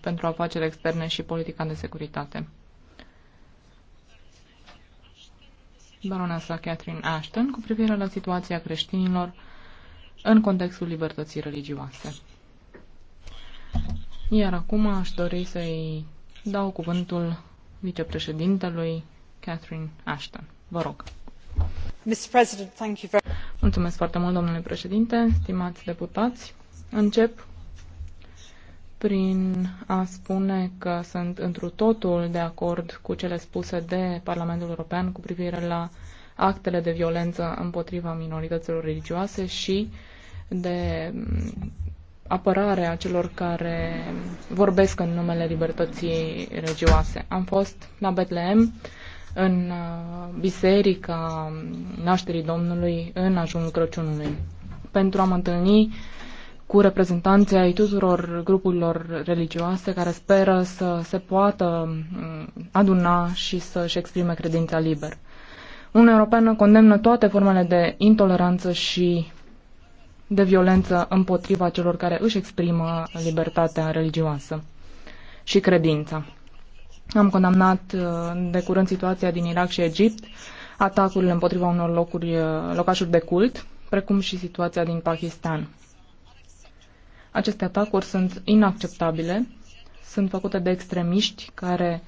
pentru afaceri externe și politica de securitate. Baronesa Catherine Ashton cu privire la situația creștinilor în contextul libertății religioase. Iar acum aș dori să-i dau cuvântul vicepreședintelui Catherine Ashton. Vă rog. Mulțumesc foarte mult, domnule președinte, stimați deputați. Încep prin a spune că sunt întru totul de acord cu cele spuse de Parlamentul European cu privire la actele de violență împotriva minorităților religioase și de mm, apărarea celor care vorbesc în numele libertății religioase. Am fost la Betlehem, în uh, biserica mm, nașterii Domnului, în ajunul Crăciunului, pentru a mă întâlni cu reprezentanții ai tuturor grupurilor religioase care speră să se poată mm, aduna și să-și exprime credința liber. Uniunea Europeană condemnă toate formele de intoleranță și de violență împotriva celor care își exprimă libertatea religioasă și credința. Am condamnat uh, de curând situația din Irak și Egipt, atacurile împotriva unor locuri, uh, locașuri de cult, precum și situația din Pakistan. Aceste atacuri sunt inacceptabile, sunt făcute de extremiști care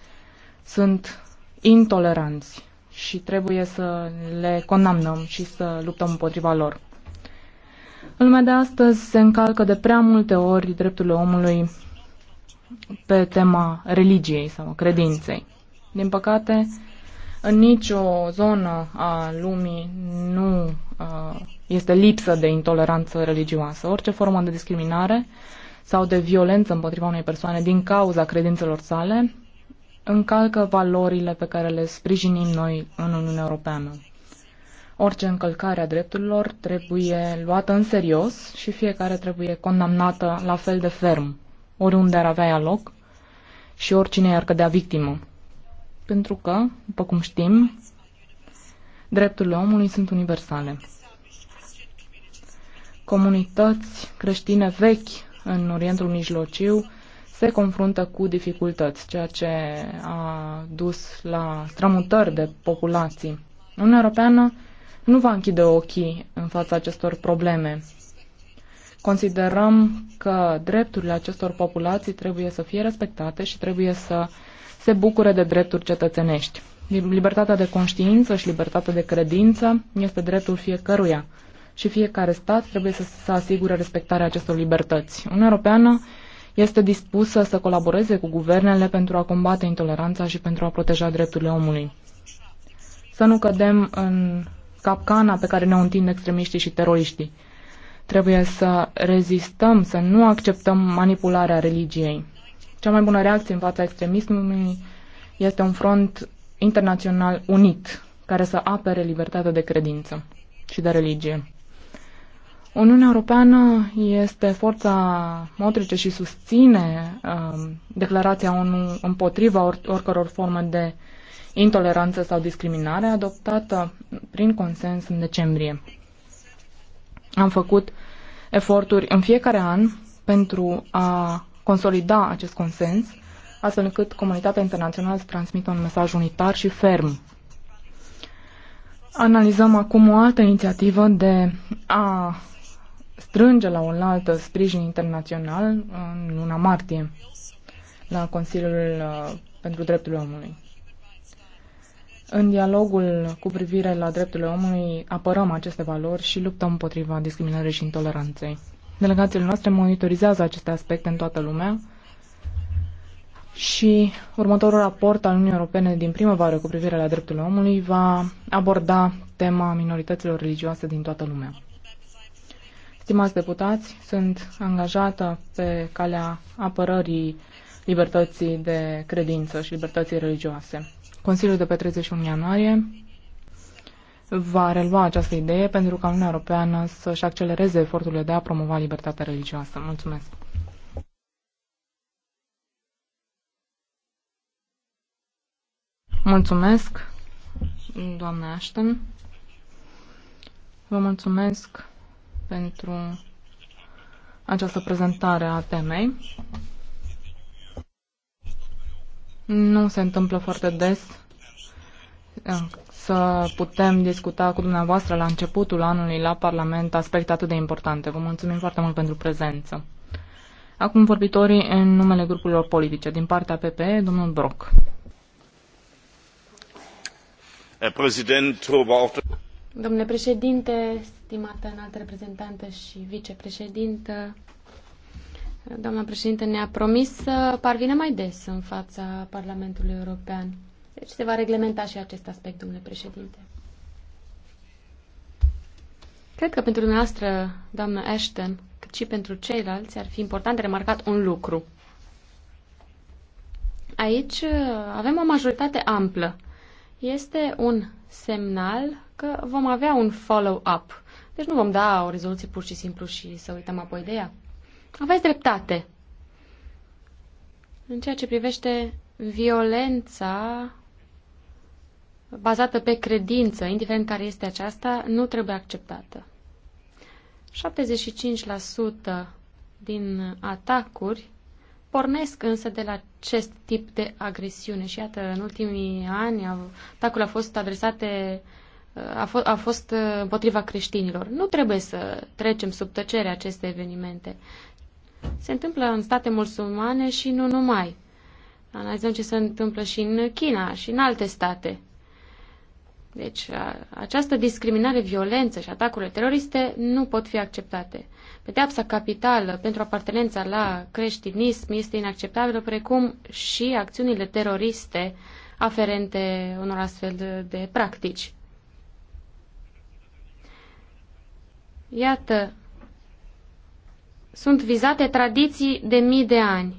sunt intoleranți și trebuie să le condamnăm și să luptăm împotriva lor. În lumea de astăzi se încalcă de prea multe ori drepturile omului pe tema religiei sau credinței. Din păcate, în nicio zonă a lumii nu este lipsă de intoleranță religioasă. Orice formă de discriminare sau de violență împotriva unei persoane din cauza credințelor sale încalcă valorile pe care le sprijinim noi în Uniunea Europeană. Orice încălcare a drepturilor trebuie luată în serios și fiecare trebuie condamnată la fel de ferm, oriunde ar avea ea loc și oricine ar cădea victimă pentru că, după cum știm, drepturile omului sunt universale. Comunități creștine vechi în Orientul Mijlociu se confruntă cu dificultăți, ceea ce a dus la strămutări de populații. Uniunea Europeană nu va închide ochii în fața acestor probleme. Considerăm că drepturile acestor populații trebuie să fie respectate și trebuie să uh, se bucure de drepturi cetățenești. Libertatea de conștiință și libertatea de credință este dreptul fiecăruia și fiecare stat trebuie să, să asigure respectarea acestor libertăți. Uniunea Europeană este dispusă să colaboreze cu guvernele pentru a combate intoleranța și pentru a proteja drepturile omului. Să nu cădem în capcana pe care ne-o întind extremiștii și teroriștii. Trebuie să rezistăm, să nu acceptăm manipularea religiei. Cea mai bună reacție în fața extremismului este un front internațional unit care să apere libertatea de credință și de religie. Uniunea Europeană este forța motrice și susține uh, declarația ONU împotriva or- oricăror forme de intoleranță sau discriminare adoptată prin consens în decembrie. Am făcut eforturi în fiecare an pentru a consolida acest consens, astfel încât comunitatea internațională să transmită un mesaj unitar și ferm. Analizăm acum o altă inițiativă de a strânge la oaltă sprijin internațional în luna martie la Consiliul uh, pentru Drepturile Omului. În dialogul cu privire la drepturile omului apărăm aceste valori și luptăm împotriva discriminării și intoleranței. Delegațiile noastre monitorizează aceste aspecte în toată lumea și următorul raport al Uniunii Europene din primăvară cu privire la drepturile omului va aborda tema minorităților religioase din toată lumea. Stimați deputați, sunt angajată pe calea apărării libertății de credință și libertății religioase. Consiliul de pe 31 ianuarie va relua această idee pentru ca Uniunea Europeană să-și accelereze eforturile de a promova libertatea religioasă. Mulțumesc! Mulțumesc, doamna Ashton. Vă mulțumesc pentru această prezentare a temei. Nu se întâmplă foarte des să putem discuta cu dumneavoastră la începutul anului la Parlament aspecte atât de importante. Vă mulțumim foarte mult pentru prezență. Acum vorbitorii în numele grupurilor politice. Din partea PPE, domnul Brock. Domnule președinte, stimată înaltă reprezentantă și vicepreședintă, doamna președinte ne-a promis să parvină mai des în fața Parlamentului European. Deci se va reglementa și acest aspect, domnule președinte. Cred că pentru dumneavoastră, doamnă Ashton, cât și pentru ceilalți, ar fi important de remarcat un lucru. Aici uh, avem o majoritate amplă. Este un semnal că vom avea un follow-up. Deci nu vom da o rezoluție pur și simplu și să uităm apoi de ea. Aveți dreptate. În ceea ce privește violența bazată pe credință, indiferent care este aceasta, nu trebuie acceptată. 75% din atacuri pornesc însă de la acest tip de agresiune și iată, în ultimii ani atacurile au fost adresate a, fost, a fost împotriva creștinilor. Nu trebuie să trecem sub tăcere aceste evenimente. Se întâmplă în state musulmane și nu numai. Analizăm ce se întâmplă și în China și în alte state. Deci această discriminare, violență și atacurile teroriste nu pot fi acceptate. Pedeapsa capitală pentru apartenența la creștinism este inacceptabilă, precum și acțiunile teroriste aferente unor astfel de, de practici. Iată, sunt vizate tradiții de mii de ani.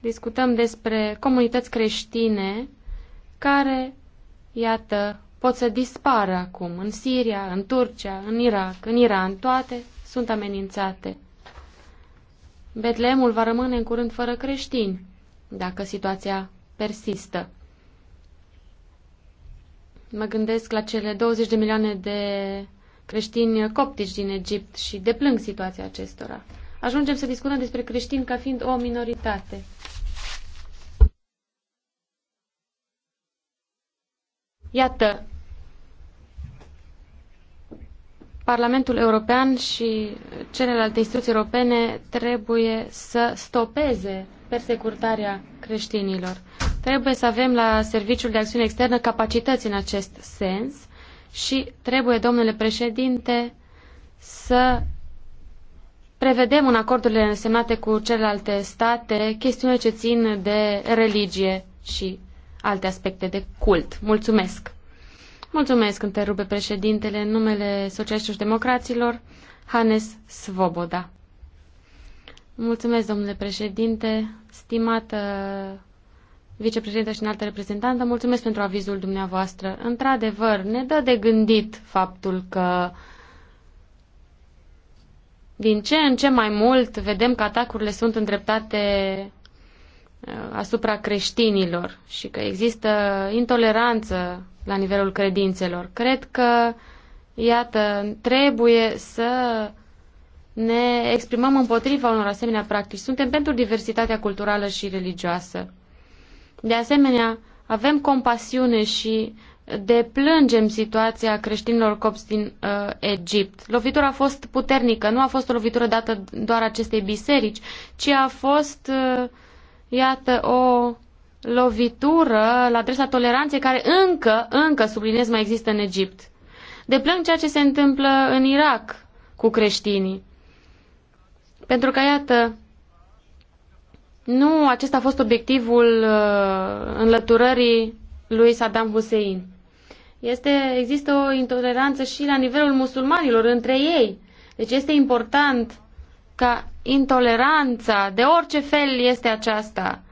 Discutăm despre comunități creștine care iată, pot să dispară acum în Siria, în Turcia, în Irak, în Iran, toate sunt amenințate. Betlemul va rămâne în curând fără creștini, dacă situația persistă. Mă gândesc la cele 20 de milioane de creștini coptici din Egipt și deplâng situația acestora. Ajungem să discutăm despre creștini ca fiind o minoritate. Iată, Parlamentul European și celelalte instituții europene trebuie să stopeze persecutarea creștinilor. Trebuie să avem la Serviciul de Acțiune Externă capacități în acest sens și trebuie, domnule președinte, să prevedem în acordurile semnate cu celelalte state chestiunile ce țin de religie și alte aspecte de cult. Mulțumesc! Mulțumesc, întrerupe președintele, în numele Socialiștilor Democraților, Hannes Svoboda. Mulțumesc, domnule președinte, stimată vicepreședintă și înaltă reprezentantă, mulțumesc pentru avizul dumneavoastră. Într-adevăr, ne dă de gândit faptul că din ce în ce mai mult vedem că atacurile sunt îndreptate Uh, asupra creștinilor și că există intoleranță la nivelul credințelor. Cred că, iată, trebuie să ne exprimăm împotriva unor asemenea practici. Suntem pentru diversitatea culturală și religioasă. De asemenea, avem compasiune și deplângem situația creștinilor copți din uh, Egipt. Lovitura a fost puternică, nu a fost o lovitură dată doar acestei biserici, ci a fost uh, Iată o lovitură la adresa toleranței care încă, încă, subliniez, mai există în Egipt. plâng ceea ce se întâmplă în Irak cu creștinii. Pentru că, iată, nu acesta a fost obiectivul uh, înlăturării lui Saddam Hussein. Este, există o intoleranță și la nivelul musulmanilor între ei. Deci este important ca intoleranța de orice fel este aceasta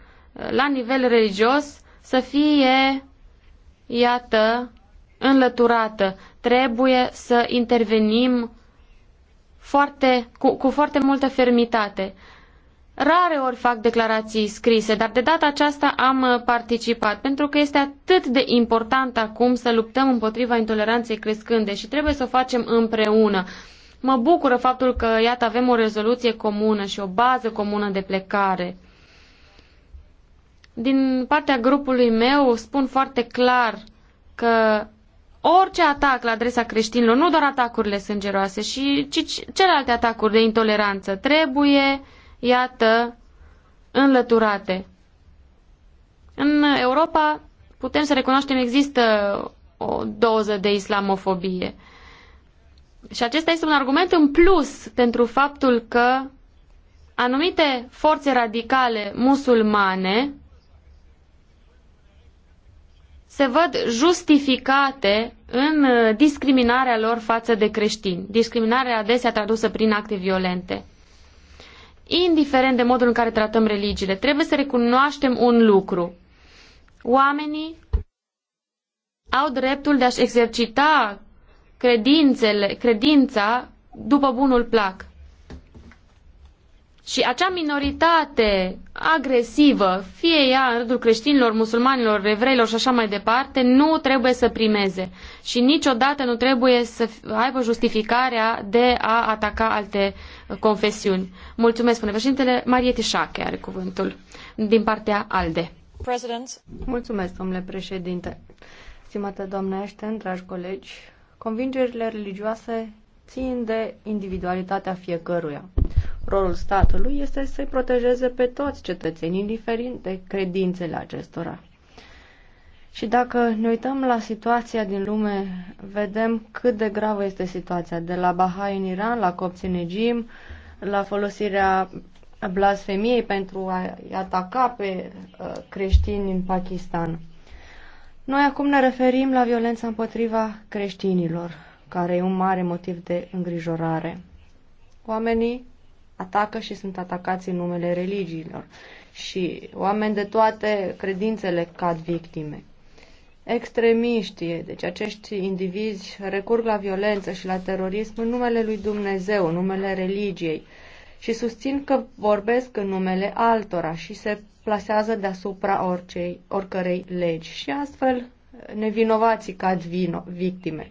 la nivel religios să fie, iată, înlăturată. Trebuie să intervenim foarte, cu, cu foarte multă fermitate. Rare ori fac declarații scrise, dar de data aceasta am uh, participat, pentru că este atât de important acum să luptăm împotriva intoleranței crescânde și trebuie să o facem împreună. Mă bucură faptul că, iată, avem o rezoluție comună și o bază comună de plecare. Din partea grupului meu spun foarte clar că orice atac la adresa creștinilor, nu doar atacurile sângeroase, și, ci celelalte atacuri de intoleranță, trebuie, iată, înlăturate. În Europa putem să recunoaștem există o doză de islamofobie. Și acesta este un argument în plus pentru faptul că anumite forțe radicale musulmane se văd justificate în uh, discriminarea lor față de creștini, discriminarea adesea tradusă prin acte violente. Indiferent de modul în care tratăm religiile, trebuie să recunoaștem un lucru. Oamenii au dreptul de a-și exercita credințele, credința după bunul plac. Și acea minoritate agresivă, fie ea în rândul creștinilor, musulmanilor, evreilor și așa mai departe, nu trebuie să primeze. Și niciodată nu trebuie să aibă justificarea de a ataca alte uh, confesiuni. Mulțumesc, spune președintele. Marie Tișache are cuvântul din partea ALDE. President. Mulțumesc, domnule președinte. Stimată doamnă Ashton, dragi colegi, Convingerile religioase țin de individualitatea fiecăruia. Rolul statului este să-i protejeze pe toți cetățenii, indiferent de credințele acestora. Și dacă ne uităm la situația din lume, vedem cât de gravă este situația, de la Bahai în Iran, la copții în Egim, la folosirea blasfemiei pentru a ataca pe uh, creștini în Pakistan. Noi acum ne referim la violența împotriva creștinilor, care e un mare motiv de îngrijorare. Oamenii atacă și sunt atacați în numele religiilor și oameni de toate credințele cad victime. Extremiști, deci acești indivizi recurg la violență și la terorism în numele lui Dumnezeu, în numele religiei și susțin că vorbesc în numele altora și se plasează deasupra oricei, oricărei legi și astfel nevinovații cad vino, victime.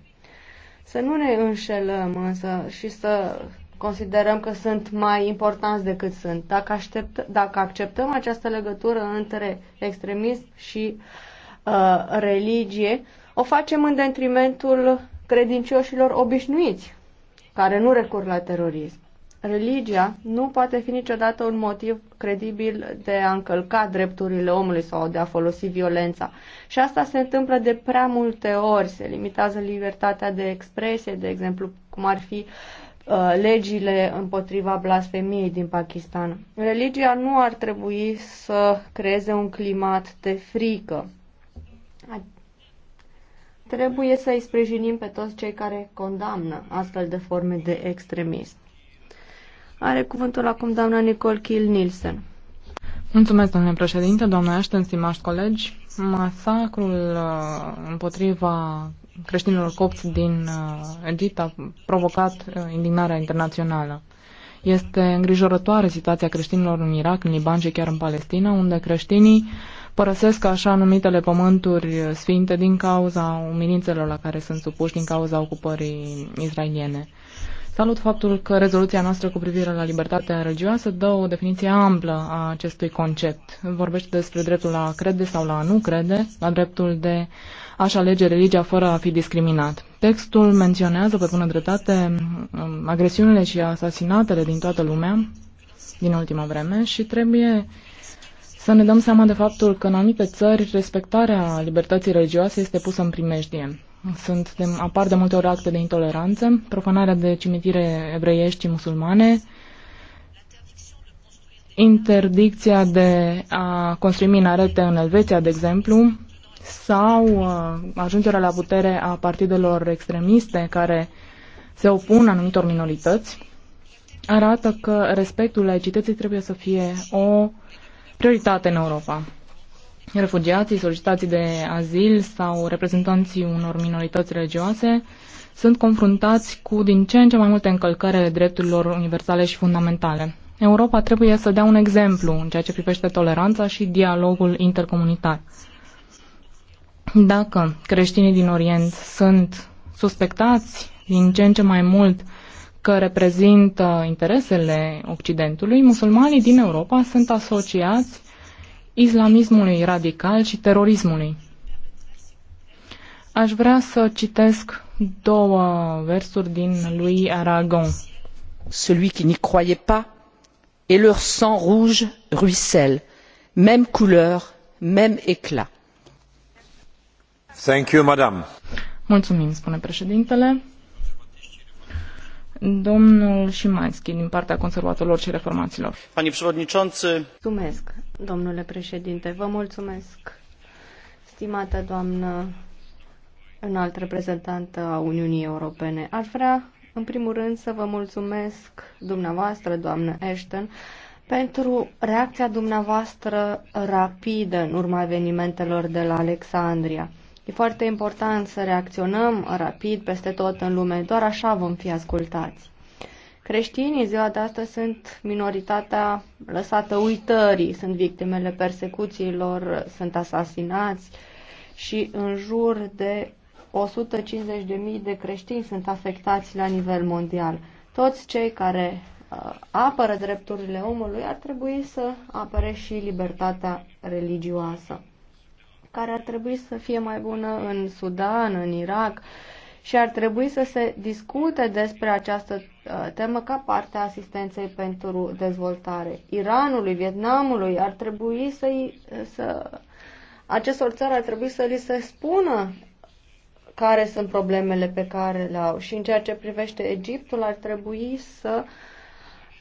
Să nu ne înșelăm însă și să considerăm că sunt mai importanți decât sunt. Dacă, aștept, dacă acceptăm această legătură între extremism și uh, religie, o facem în detrimentul credincioșilor obișnuiți, care nu recur la terorism religia nu poate fi niciodată un motiv credibil de a încălca drepturile omului sau de a folosi violența. Și asta se întâmplă de prea multe ori. Se limitează libertatea de expresie, de exemplu, cum ar fi uh, legile împotriva blasfemiei din Pakistan. Religia nu ar trebui să creeze un climat de frică. Trebuie să îi sprijinim pe toți cei care condamnă astfel de forme de extremism. Are cuvântul acum doamna Nicole Kiel Nielsen. Mulțumesc, domnule președinte, doamna Ashton, stimați colegi. Masacrul uh, împotriva creștinilor copți din uh, Egipt a provocat uh, indignarea internațională. Este îngrijorătoare situația creștinilor în Irak, în Liban și chiar în Palestina, unde creștinii părăsesc așa numitele pământuri sfinte din cauza umilințelor la care sunt supuși din cauza ocupării israeliene. Salut faptul că rezoluția noastră cu privire la libertatea religioasă dă o definiție amplă a acestui concept. Vorbește despre dreptul la a crede sau la a nu crede, la dreptul de a-și alege religia fără a fi discriminat. Textul menționează pe bună dreptate um, agresiunile și asasinatele din toată lumea din ultima vreme și trebuie să ne dăm seama de faptul că în anumite țări respectarea libertății religioase este pusă în primejdie. Sunt de, apar de multe ori acte de intoleranță, profanarea de cimitire evreiești și musulmane, interdicția de a construi minarete în Elveția, de exemplu, sau uh, ajungerea la putere a partidelor extremiste care se opun anumitor minorități, arată că respectul laicității trebuie să fie o prioritate în Europa refugiații, solicitații de azil sau reprezentanții unor minorități religioase sunt confruntați cu din ce în ce mai multe încălcări ale drepturilor universale și fundamentale. Europa trebuie să dea un exemplu în ceea ce privește toleranța și dialogul intercomunitar. Dacă creștinii din Orient sunt suspectați din ce în ce mai mult că reprezintă interesele Occidentului, musulmanii din Europa sunt asociați islamismului radical și terorismului. Aș vrea să citesc două versuri din lui Aragon. Celui qui n'y croyait pas et leur sang rouge ruisselle, même couleur, même éclat. Thank you, madame. Mulțumim, spune președintele. Domnul Șimanski, din partea conservatorilor și reformaților. Pani przewodniczący. Mulțumesc, domnule președinte. Vă mulțumesc, stimată doamnă înalt reprezentant a Uniunii Europene. Aș vrea, în primul rând, să vă mulțumesc dumneavoastră, doamnă Ashton, pentru reacția dumneavoastră rapidă în urma evenimentelor de la Alexandria. E foarte important să reacționăm rapid peste tot în lume, doar așa vom fi ascultați. Creștinii ziua de astăzi sunt minoritatea lăsată uitării, sunt victimele persecuțiilor, sunt asasinați și în jur de 150.000 de creștini sunt afectați la nivel mondial. Toți cei care uh, apără drepturile omului ar trebui să apere și libertatea religioasă, care ar trebui să fie mai bună în Sudan, în Irak și ar trebui să se discute despre această Uh, temă ca parte a asistenței pentru dezvoltare. Iranului, Vietnamului ar trebui să, să acestor țări ar trebui să li se spună care sunt problemele pe care le au și în ceea ce privește Egiptul ar trebui să uh,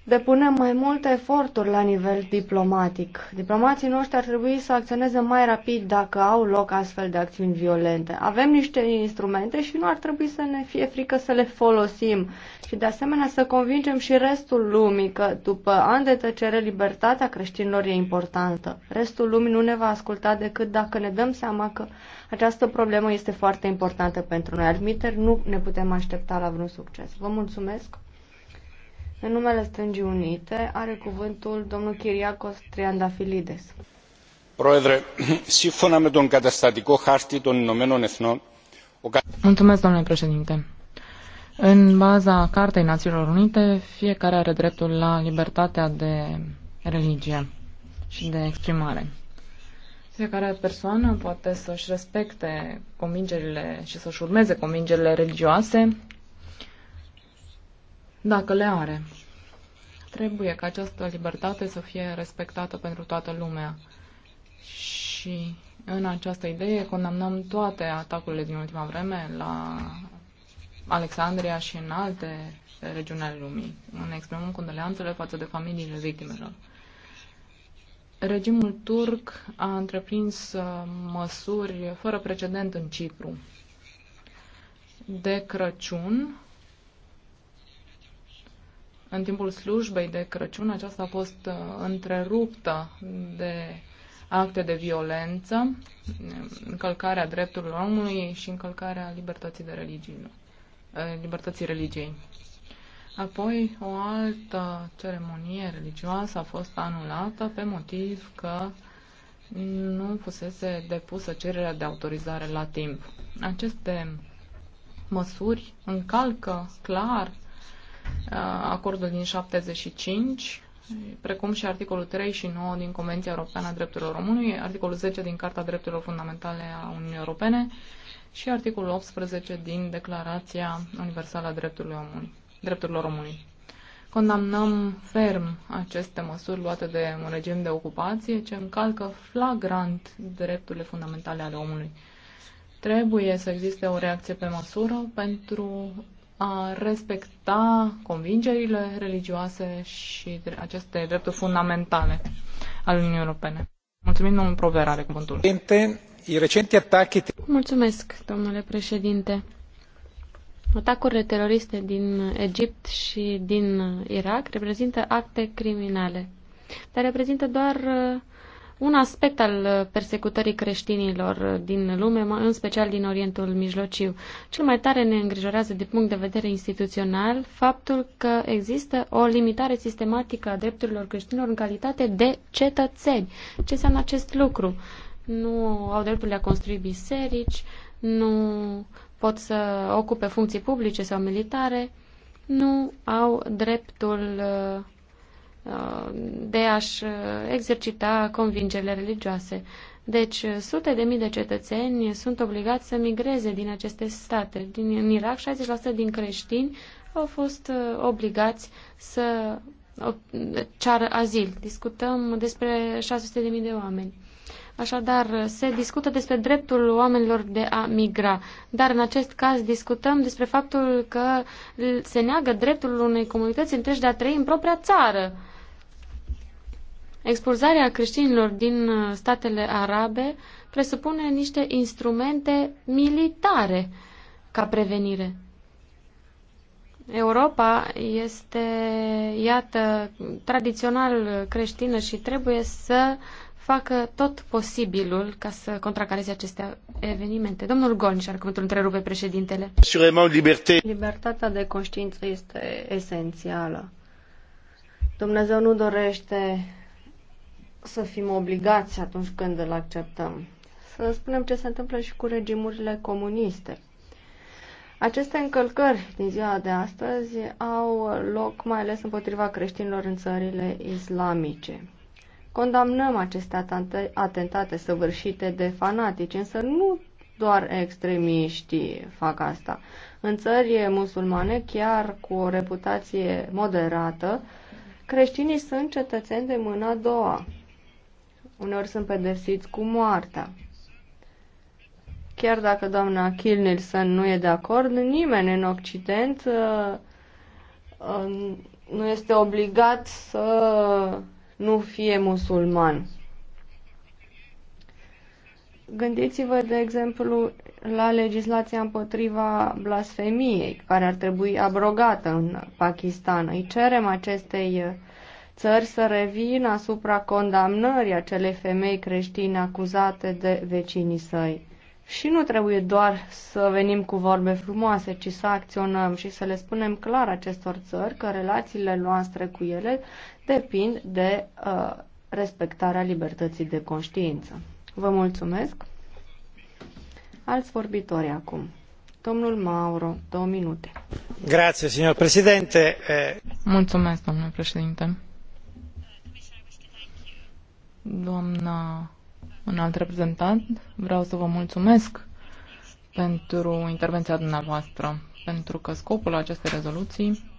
depunem mai multe eforturi la nivel diplomatic. Diplomații noștri ar trebui să acționeze mai rapid dacă au loc astfel de acțiuni violente. Avem niște instrumente și nu ar trebui să ne fie frică să le folosim și de asemenea să convingem și restul lumii că după ani de tăcere libertatea creștinilor e importantă. Restul lumii nu ne va asculta decât dacă ne dăm seama că această problemă este foarte importantă pentru noi. Admiter, nu ne putem aștepta la vreun succes. Vă mulțumesc! În numele Stângii Unite are cuvântul domnul Chiriacos Triandafilides. Πρόεδρε, σύμφωνα me don καταστατικό harti don Ηνωμένων Εθνών, Mulțumesc, domnule președinte. În baza Cartei Națiunilor Unite, fiecare are dreptul la libertatea de religie și de exprimare. Fiecare persoană poate să-și respecte convingerile și să-și urmeze convingerile religioase dacă le are. Trebuie ca această libertate să fie respectată pentru toată lumea. Și în această idee condamnăm toate atacurile din ultima vreme la Alexandria și în alte regiuni ale lumii. Ne exprimăm condoleanțele față de familiile victimelor. Regimul turc a întreprins uh, măsuri fără precedent în Cipru. De Crăciun, în timpul slujbei de Crăciun aceasta a fost uh, întreruptă de acte de violență, încălcarea drepturilor omului și încălcarea libertății de religie, uh, libertății religiei. Apoi, o altă ceremonie religioasă a fost anulată pe motiv că nu fusese depusă cererea de autorizare la timp. Aceste măsuri încalcă clar Uh, acordul din 75, precum și articolul 3 și 9 din Convenția Europeană a Drepturilor Omului, articolul 10 din Carta Drepturilor Fundamentale a Uniunii Europene și articolul 18 din Declarația Universală a Drepturilor Omului. Drepturilor Omului. Condamnăm ferm aceste măsuri luate de un regim de ocupație ce încalcă flagrant drepturile fundamentale ale omului. Trebuie să existe o reacție pe măsură pentru a respecta convingerile religioase și aceste drepturi fundamentale ale Uniunii Europene. Mulțumim, domnul Provera, are cuvântul. Mulțumesc, domnule președinte. Atacurile teroriste din Egipt și din Irak reprezintă acte criminale, dar reprezintă doar uh, un aspect al persecutării creștinilor din lume, în special din Orientul Mijlociu. Cel mai tare ne îngrijorează din punct de vedere instituțional faptul că există o limitare sistematică a drepturilor creștinilor în calitate de cetățeni. Ce înseamnă acest lucru? Nu au dreptul de a construi biserici, nu pot să ocupe funcții publice sau militare, nu au dreptul uh, de a-și uh, exercita convingerile religioase. Deci, uh, sute de mii de cetățeni sunt obligați să migreze din aceste state. Din, în Irak, 60% din creștini au fost uh, obligați să ceară azil. Discutăm despre 600.000 de oameni. Așadar, se discută despre dreptul oamenilor de a migra, dar în acest caz discutăm despre faptul că se neagă dreptul unei comunități întregi de a trăi în propria țară. Expulzarea creștinilor din uh, statele arabe presupune niște instrumente militare ca prevenire. Europa este, iată, tradițional creștină și trebuie să facă tot posibilul ca să contracareze aceste evenimente. Domnul Golniș ar cuvântul întrerupe președintele. Libertatea de conștiință este esențială. Dumnezeu nu dorește să fim obligați atunci când îl acceptăm. Să spunem ce se întâmplă și cu regimurile comuniste. Aceste încălcări din ziua de astăzi au loc mai ales împotriva creștinilor în țările islamice. Condamnăm aceste atentate săvârșite de fanatici, însă nu doar extremiștii fac asta. În țări musulmane, chiar cu o reputație moderată, creștinii sunt cetățeni de mâna a doua. Uneori sunt pedepsiți cu moartea. Chiar dacă doamna Kilnilson nu e de acord, nimeni în Occident uh, uh, nu este obligat să nu fie musulman. Gândiți-vă, de exemplu, la legislația împotriva blasfemiei, care ar trebui abrogată în Pakistan. Îi cerem acestei uh, țări să revină asupra condamnării acelei femei creștine acuzate de vecinii săi. Și nu trebuie doar să venim cu vorbe frumoase, ci să acționăm și să le spunem clar acestor țări că relațiile noastre cu ele depind de uh, respectarea libertății de conștiință. Vă mulțumesc! Alți vorbitori acum. Domnul Mauro, două minute. Grazie, signor Presidente. Eh, mulțumesc, domnule președinte. Doamna un alt reprezentant, vreau să vă mulțumesc pentru intervenția dumneavoastră, pentru că scopul acestei rezoluții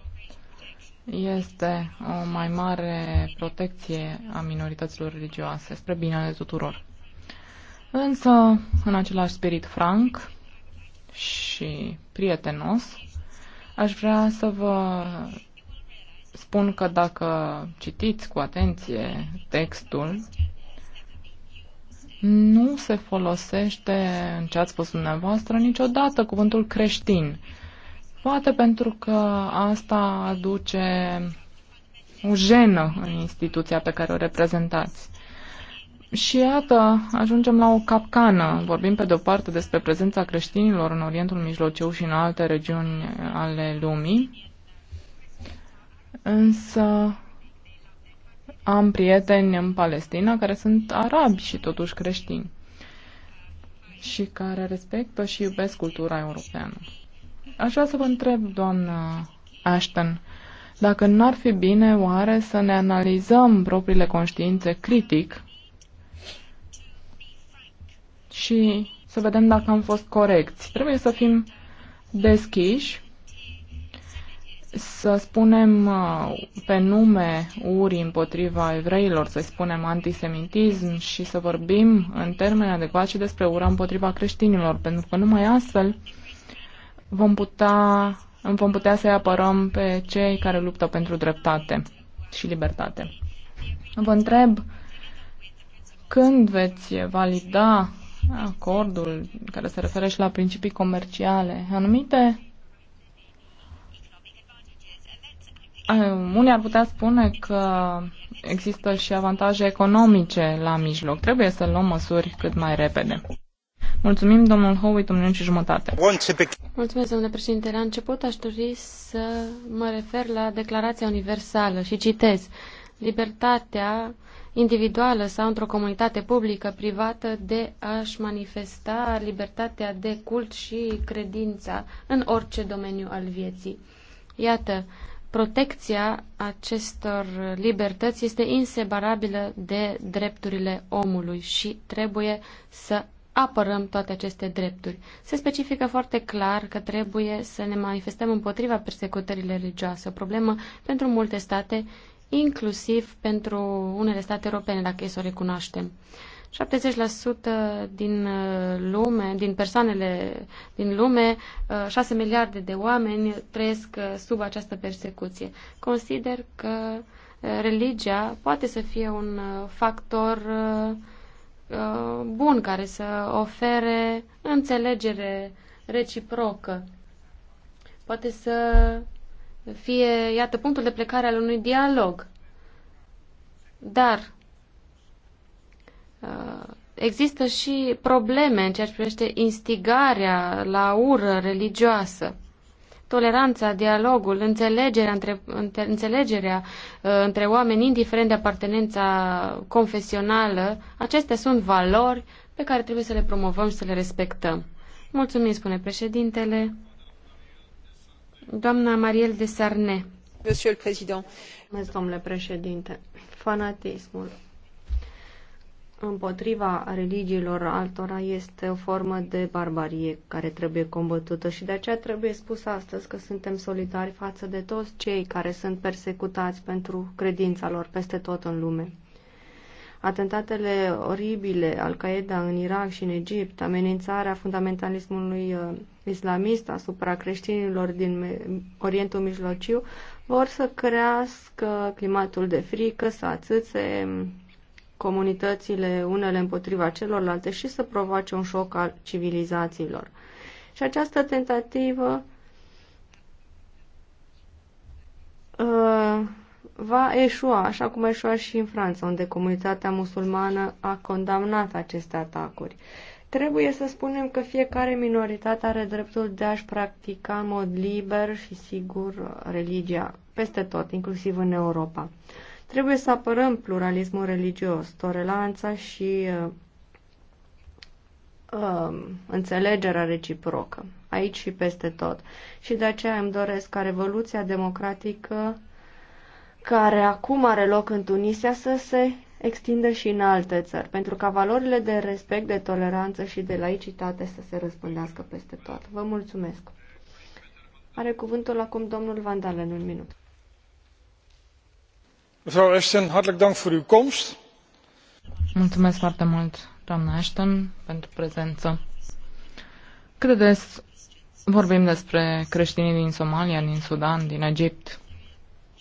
este o mai mare protecție a minorităților religioase, spre binele tuturor. Însă, în același spirit franc și prietenos, aș vrea să vă spun că dacă citiți cu atenție textul, nu se folosește în ce ați spus dumneavoastră niciodată cuvântul creștin. Poate pentru că asta aduce o jenă în instituția pe care o reprezentați. Și iată, ajungem la o capcană. Vorbim pe de-o parte despre prezența creștinilor în Orientul Mijlociu și în alte regiuni ale lumii, însă am prieteni în Palestina care sunt arabi și totuși creștini și care respectă și iubesc cultura europeană. Aș vrea să vă întreb, doamnă Ashton, dacă n-ar fi bine oare să ne analizăm propriile conștiințe critic și să vedem dacă am fost corecți. Trebuie să fim deschiși să spunem uh, pe nume uri împotriva evreilor, să spunem antisemitism și să vorbim în termeni adecvați și despre ura împotriva creștinilor, pentru că numai astfel vom putea, vom putea să-i apărăm pe cei care luptă pentru dreptate și libertate. Vă întreb când veți valida acordul care se referă și la principii comerciale. Anumite unii ar putea spune că există și avantaje economice la mijloc. Trebuie să luăm măsuri cât mai repede. Mulțumim, domnul Howitt, un minut și jumătate. Mulțumesc, domnule președinte. La început aș dori să mă refer la Declarația Universală și citez. Libertatea individuală sau într-o comunitate publică, privată, de a-și manifesta libertatea de cult și credința în orice domeniu al vieții. Iată, protecția acestor libertăți este inseparabilă de drepturile omului și trebuie să apărăm toate aceste drepturi. Se specifică foarte clar că trebuie să ne manifestăm împotriva persecutării religioase, o problemă pentru multe state, inclusiv pentru unele state europene, dacă e să o recunoaștem. 70% din uh, lume, din persoanele din lume, 6 uh, miliarde de oameni trăiesc uh, sub această persecuție. Consider că religia poate să fie un factor bun care să ofere înțelegere reciprocă. Poate să fie, iată, punctul de plecare al unui dialog. Dar Uh, există și probleme în ceea ce privește instigarea la ură religioasă. Toleranța, dialogul, înțelegerea între, înțelegerea uh, între oameni, indiferent de apartenența confesională, acestea sunt valori pe care trebuie să le promovăm și să le respectăm. Mulțumim, spune președintele. Doamna Mariel de Sarne. Monsieur le Président. Domnule președinte, fanatismul, împotriva religiilor altora este o formă de barbarie care trebuie combătută și de aceea trebuie spus astăzi că suntem solidari față de toți cei care sunt persecutați pentru credința lor peste tot în lume. Atentatele oribile Al-Qaeda în Irak și în Egipt, amenințarea fundamentalismului uh, islamist asupra creștinilor din Orientul Mijlociu vor să crească climatul de frică, să atâțe comunitățile unele împotriva celorlalte și să provoace un șoc al civilizațiilor. Și această tentativă uh, va eșua, așa cum a eșuat și în Franța, unde comunitatea musulmană a condamnat aceste atacuri. Trebuie să spunem că fiecare minoritate are dreptul de a-și practica în mod liber și sigur religia, peste tot, inclusiv în Europa. Trebuie să apărăm pluralismul religios, toleranța și uh, um, înțelegerea reciprocă, aici și peste tot. Și de aceea îmi doresc ca revoluția democratică care acum are loc în Tunisia să se extindă și în alte țări, pentru ca valorile de respect, de toleranță și de laicitate să se răspândească peste tot. Vă mulțumesc! Are cuvântul acum domnul Vandalen, un minut. Mevrouw Ashton, hartelijk dank voor uw komst. Mulțumesc foarte mult, doamna Ashton, pentru prezență. Cât de des vorbim despre creștinii din Somalia, din Sudan, din Egipt,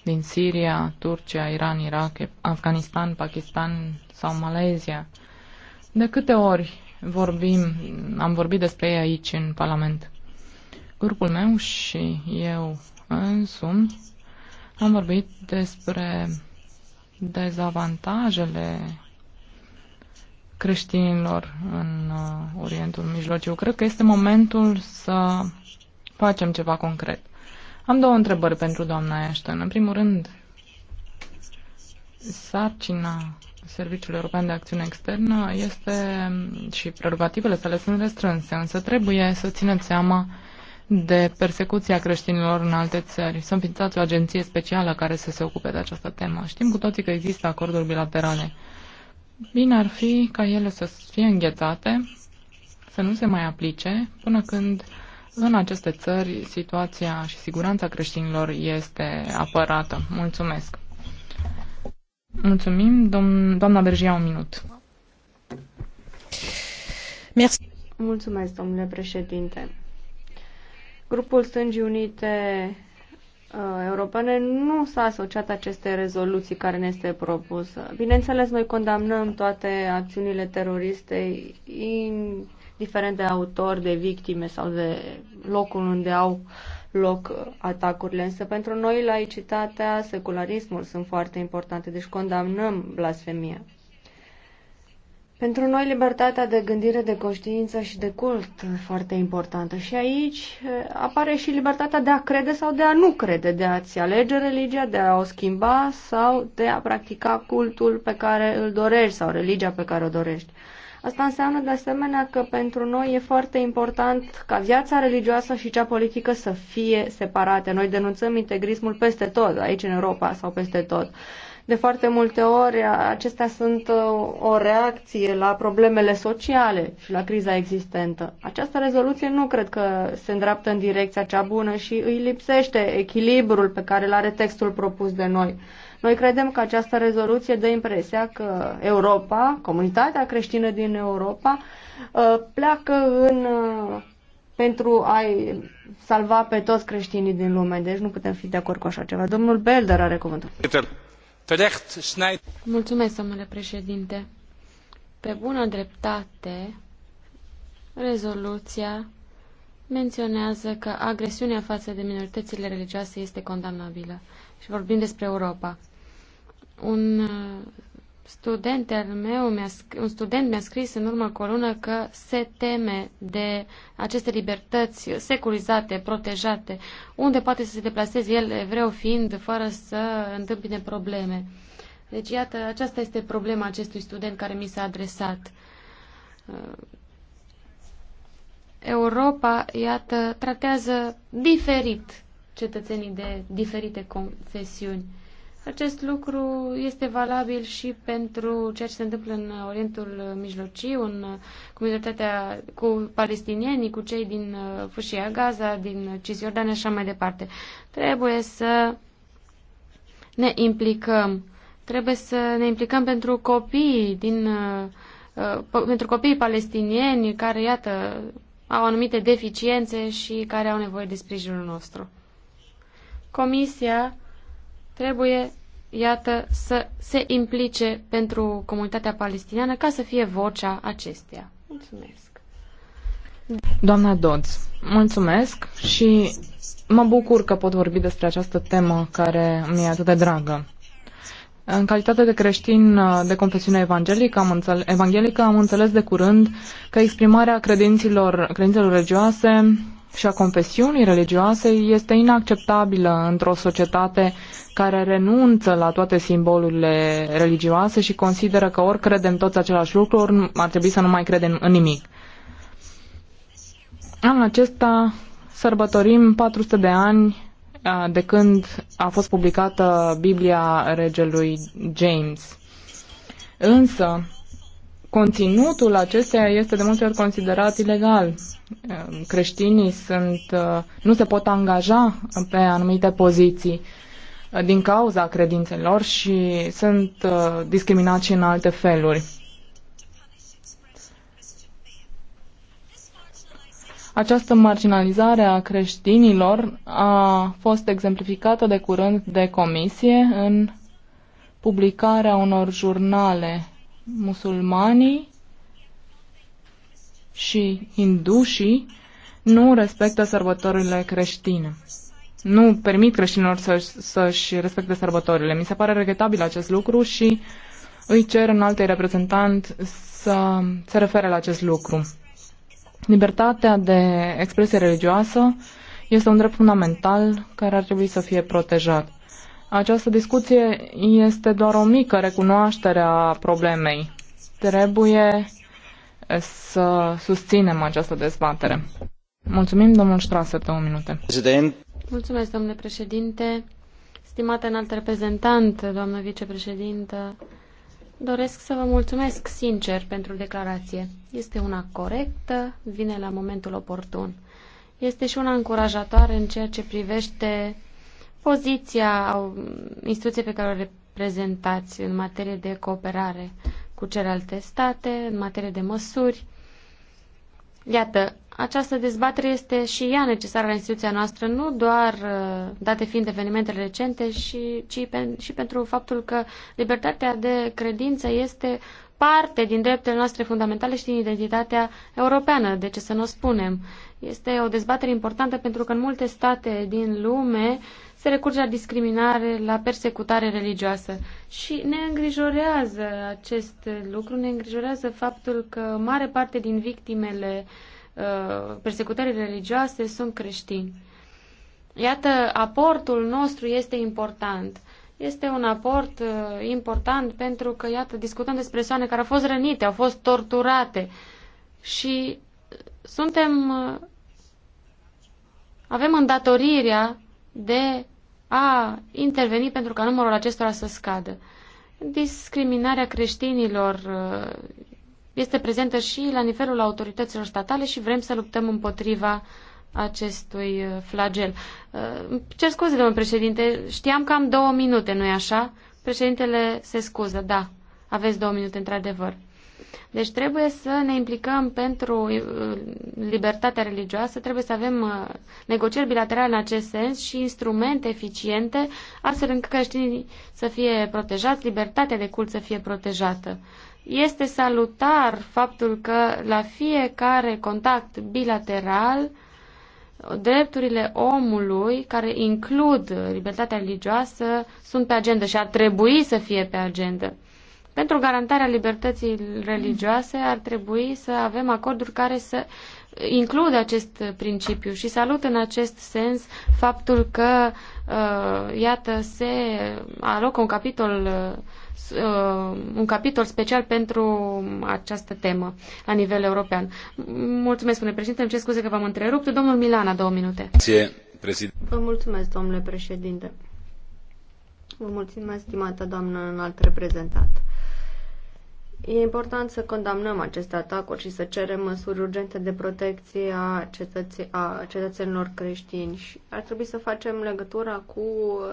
din Siria, Turcia, Iran, Irak, Afganistan, Pakistan sau Malezia. De câte ori vorbim, am vorbit despre ei aici, în Parlament. Grupul meu și eu însumi am vorbit despre dezavantajele creștinilor în uh, Orientul Mijlociu. Cred că este momentul să facem ceva concret. Am două întrebări pentru doamna Ashton. În primul rând, sarcina Serviciul European de Acțiune Externă este și prerogativele sale sunt restrânse, însă trebuie să țineți seama uh, de persecuția creștinilor în alte țări. Să înființați o agenție specială care să se ocupe de această temă. Știm cu toții că există acorduri bilaterale. Bine ar fi ca ele să fie înghețate, să nu se mai aplice, până când în aceste țări situația și siguranța creștinilor este apărată. Mulțumesc! Mulțumim. Dom doamna Bergia, un minut. Mulțumesc, domnule președinte. Grupul Stângii Unite uh, Europene nu s-a asociat aceste rezoluții care ne este propusă. Bineînțeles, noi condamnăm toate acțiunile teroriste, indiferent de autor, de victime sau de locul unde au loc atacurile. Însă pentru noi laicitatea, secularismul sunt foarte importante, deci condamnăm blasfemia. Pentru noi, libertatea de gândire, de conștiință și de cult foarte importantă. Și aici apare și libertatea de a crede sau de a nu crede, de a-ți alege religia, de a o schimba sau de a practica cultul pe care îl dorești sau religia pe care o dorești. Asta înseamnă de asemenea că pentru noi e foarte important ca viața religioasă și cea politică să fie separate. Noi denunțăm integrismul peste tot, aici în Europa sau peste tot. De foarte multe ori acestea sunt uh, o reacție la problemele sociale și la criza existentă. Această rezoluție nu cred că se îndreaptă în direcția cea bună și îi lipsește echilibrul pe care îl are textul propus de noi. Noi credem că această rezoluție dă impresia că Europa, comunitatea creștină din Europa, uh, pleacă în, uh, pentru a salva pe toți creștinii din lume. Deci nu putem fi de acord cu așa ceva. Domnul Belder are cuvântul președinte. Pe bună dreptate, rezoluția menționează că agresiunea față de minoritățile religioase este condamnabilă. Și vorbim despre Europa. Un Studentul meu, mi un student mi-a scris în urmă cu o lună că se teme de aceste libertăți securizate, protejate, unde poate să se deplaseze el, evreu fiind, fără să întâmpine probleme. Deci, iată, aceasta este problema acestui student care mi s-a adresat. Europa, iată, tratează diferit cetățenii de diferite confesiuni. Acest lucru este valabil și pentru ceea ce se întâmplă în Orientul Mijlociu, în comunitatea cu palestinienii, cu cei din uh, Fâșia Gaza, din Cisjordania și așa mai departe. Trebuie să ne implicăm. Trebuie să ne implicăm pentru copiii din uh, uh, pentru copiii palestinieni care, iată, au anumite deficiențe și care au nevoie de sprijinul nostru. Comisia trebuie, iată, să se implice pentru comunitatea palestiniană ca să fie vocea acesteia. Mulțumesc! Doamna Dodds, mulțumesc și mă bucur că pot vorbi despre această temă care mi-e atât de dragă. În calitate de creștin uh, de confesiune evanghelică am, înțeles, evanghelică, am înțeles de curând că exprimarea credințelor religioase și a confesiunii religioase este inacceptabilă într-o societate care renunță la toate simbolurile religioase și consideră că ori credem toți același lucru, ori ar trebui să nu mai credem în nimic. Anul acesta sărbătorim 400 de ani de când a fost publicată Biblia regelui James. Însă, conținutul acesteia este de multe ori considerat ilegal. Ehm, creștinii sunt, uh, nu se pot angaja pe anumite poziții uh, din cauza credințelor și sunt uh, discriminați și în alte feluri. Această marginalizare a creștinilor a fost exemplificată de curând de comisie în publicarea unor jurnale musulmanii și hindușii nu respectă sărbătorile creștine. Nu permit creștinilor să-și, să respecte sărbătorile. Mi se pare regretabil acest lucru și îi cer în altei reprezentant să se refere la acest lucru. Libertatea de expresie religioasă este un drept fundamental care ar trebui să fie protejat. Această discuție este doar o mică recunoaștere a problemei. Trebuie să susținem această dezbatere. Mulțumim, domnul Strasser, două minute. President. Mulțumesc, domnule președinte. Stimată înalt reprezentant, doamnă vicepreședintă, doresc să vă mulțumesc sincer pentru declarație. Este una corectă, vine la momentul oportun. Este și una încurajatoare în ceea ce privește poziția instituției pe care o reprezentați în materie de cooperare cu celelalte state, în materie de măsuri. Iată, această dezbatere este și ea necesară la instituția noastră, nu doar uh, date fiind evenimentele recente, și, ci pe, și pentru faptul că libertatea de credință este parte din drepturile noastre fundamentale și din identitatea europeană, de ce să nu o spunem. Este o dezbatere importantă pentru că în multe state din lume uh, se recurge la discriminare, la persecutare religioasă. Și ne îngrijorează acest lucru, ne îngrijorează faptul că mare parte din victimele uh, persecutării religioase sunt creștini. Iată, aportul nostru este important. Este un aport uh, important pentru că, iată, discutăm despre persoane care au fost rănite, au fost torturate și suntem, uh, avem îndatorirea de a interveni pentru ca numărul acestora să scadă. Discriminarea creștinilor uh, este prezentă și la nivelul autorităților statale și vrem să luptăm împotriva acestui uh, flagel. Uh, cer scuze, domnul președinte, știam că am două minute, nu-i așa? Președintele se scuză, da, aveți două minute, într-adevăr. Deci trebuie să ne implicăm pentru uh, libertatea religioasă, trebuie să avem uh, negocieri bilaterale în acest sens și instrumente eficiente, astfel încât creștinii să fie protejați, libertatea de cult să fie protejată. Este salutar faptul că la fiecare contact bilateral drepturile omului, care includ libertatea religioasă, sunt pe agenda și ar trebui să fie pe agenda. Pentru garantarea libertății religioase ar trebui să avem acorduri care să includă acest principiu și salut în acest sens faptul că, uh, iată, se alocă un capitol, uh, un capitol special pentru această temă la nivel european. Mulțumesc, domnule președinte, îmi cer scuze că v-am întrerupt. Domnul Milana, două minute. Vă mulțumesc, domnule președinte. Vă mulțumesc, stimată doamnă înalt reprezentant. E important să condamnăm aceste atacuri și să cerem măsuri urgente de protecție a, cetățe- a cetățenilor creștini și ar trebui să facem legătura cu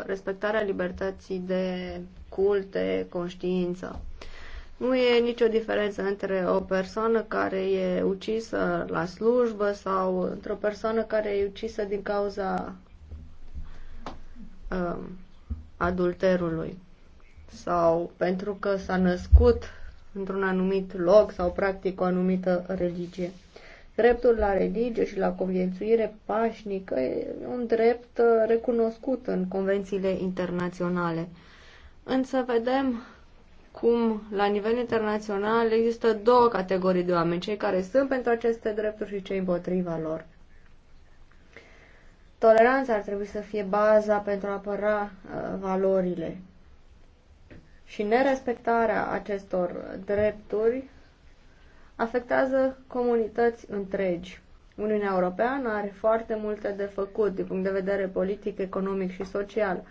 respectarea libertății de cult, de conștiință. Nu e nicio diferență între o persoană care e ucisă la slujbă sau într-o persoană care e ucisă din cauza uh, adulterului sau pentru că s-a născut într-un anumit loc sau practic o anumită religie. Dreptul la religie și la conviețuire pașnică e un drept uh, recunoscut în convențiile internaționale. Însă vedem cum la nivel internațional există două categorii de oameni, cei care sunt pentru aceste drepturi și cei împotriva lor. Toleranța ar trebui să fie baza pentru a apăra uh, valorile și nerespectarea acestor drepturi afectează comunități întregi. Uniunea Europeană are foarte multe de făcut din punct de vedere politic, economic și social.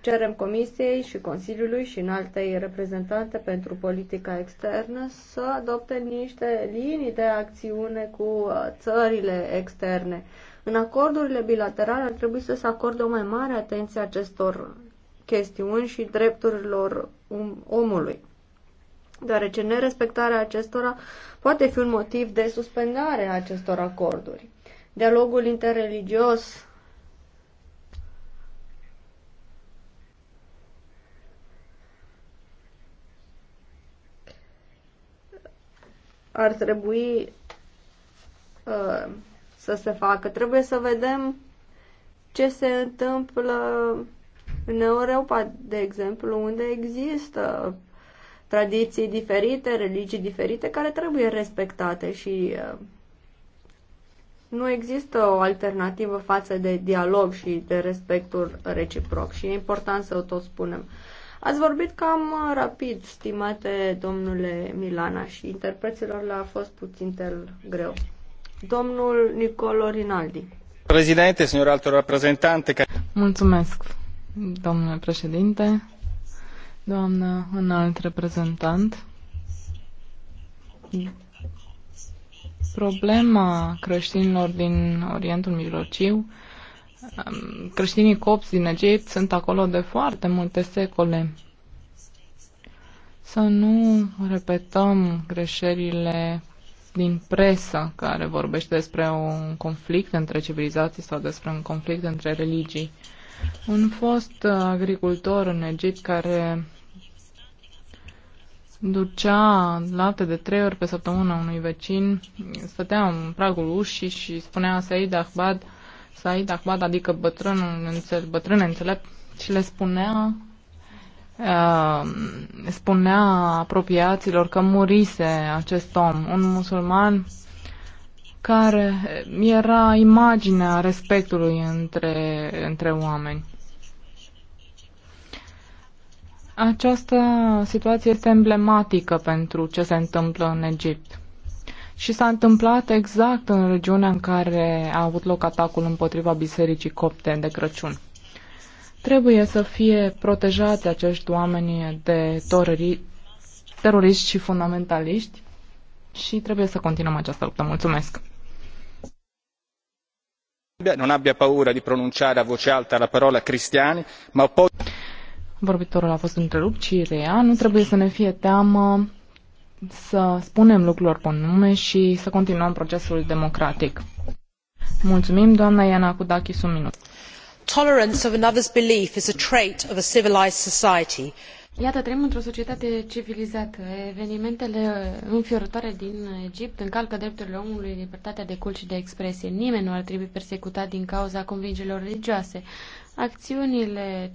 Cerem Comisiei și Consiliului și în altei reprezentante pentru politica externă să adopte niște linii de acțiune cu uh, țările externe. În acordurile bilaterale ar trebui să se acorde o mai mare atenție acestor chestiuni și drepturilor Um, omului, deoarece nerespectarea acestora poate fi un motiv de suspendare a acestor acorduri. Dialogul interreligios ar trebui uh, să se facă. Trebuie să vedem ce se întâmplă în Europa, de exemplu, unde există tradiții diferite, religii diferite, care trebuie respectate și uh, nu există o alternativă față de dialog și de respectul reciproc și e important să o tot spunem. Ați vorbit cam uh, rapid, stimate domnule Milana, și interpreților le-a fost puțin greu. Domnul Nicolo Rinaldi. Președinte, signor alto reprezentante. Mulțumesc. Domnule președinte, doamnă înalt reprezentant, problema creștinilor din Orientul Mijlociu, creștinii copți din Egipt sunt acolo de foarte multe secole. Să nu repetăm greșelile din presă care vorbește despre un conflict între civilizații sau despre un conflict între religii. Un fost agricultor în Egipt care ducea lapte de trei ori pe săptămână unui vecin, stătea în pragul ușii și spunea Said Ahmad, Said Ahmad, adică bătrân, înțel, bătrân înțelept, și le spunea Ehm, spunea apropiaților că murise acest om, un musulman care era imaginea respectului între, între oameni. Această situație este emblematică pentru ce se întâmplă în Egipt. Și s-a întâmplat exact în regiunea în care a avut loc atacul împotriva Bisericii Copte de Crăciun. Trebuie să fie protejați acești oameni de terori, teroriști și fundamentaliști și trebuie să continuăm această luptă. Mulțumesc! Non abbia paura di pronunciare a voce alta la parola cristiani, ma poi... Vorbitorul a fost întrerupt și rea. Nu trebuie să ne fie teamă să spunem lucrurilor pe nume și să continuăm procesul democratic. Mulțumim, doamna Iana Kudakis, un minut tolerance of another's belief is a trait of a civilized society. Iată, trăim într-o societate civilizată. Evenimentele înfiorătoare din Egipt încalcă drepturile omului, libertatea de cult și de expresie. Nimeni nu ar trebui persecutat din cauza convingerilor religioase. Acțiunile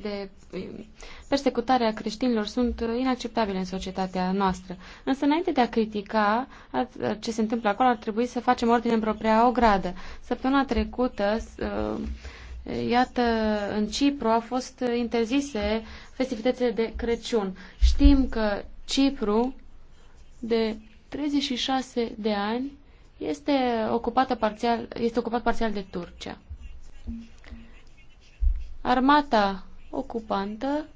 de um, persecutare a creștinilor sunt inacceptabile în societatea noastră. Însă, înainte de a critica ce se întâmplă acolo, ar trebui să facem ordine în propria ogradă. Săptămâna trecută, um, iată, în Cipru au fost interzise festivitățile de Crăciun. Știm că Cipru, de 36 de ani, este, ocupată parțial, este ocupat parțial de Turcia. Armata ocupantă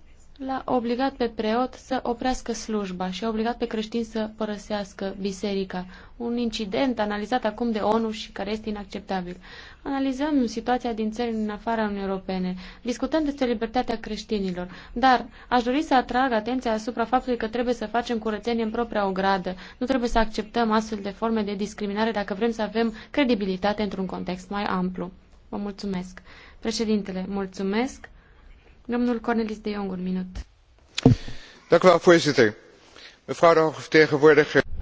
l-a obligat pe preot să oprească slujba și a obligat pe creștin să părăsească biserica. Un incident analizat acum de ONU și care este inacceptabil. Analizăm situația din țări în afara Uniunii Europene. Discutăm despre libertatea creștinilor. Dar aș dori să atrag atenția asupra faptului că trebuie să facem curățenie în propria ogradă. Nu trebuie să acceptăm astfel de forme de discriminare dacă vrem să avem credibilitate într-un context mai amplu. Vă mulțumesc! Președintele, mulțumesc. Domnul Cornelis de Jong, un minut.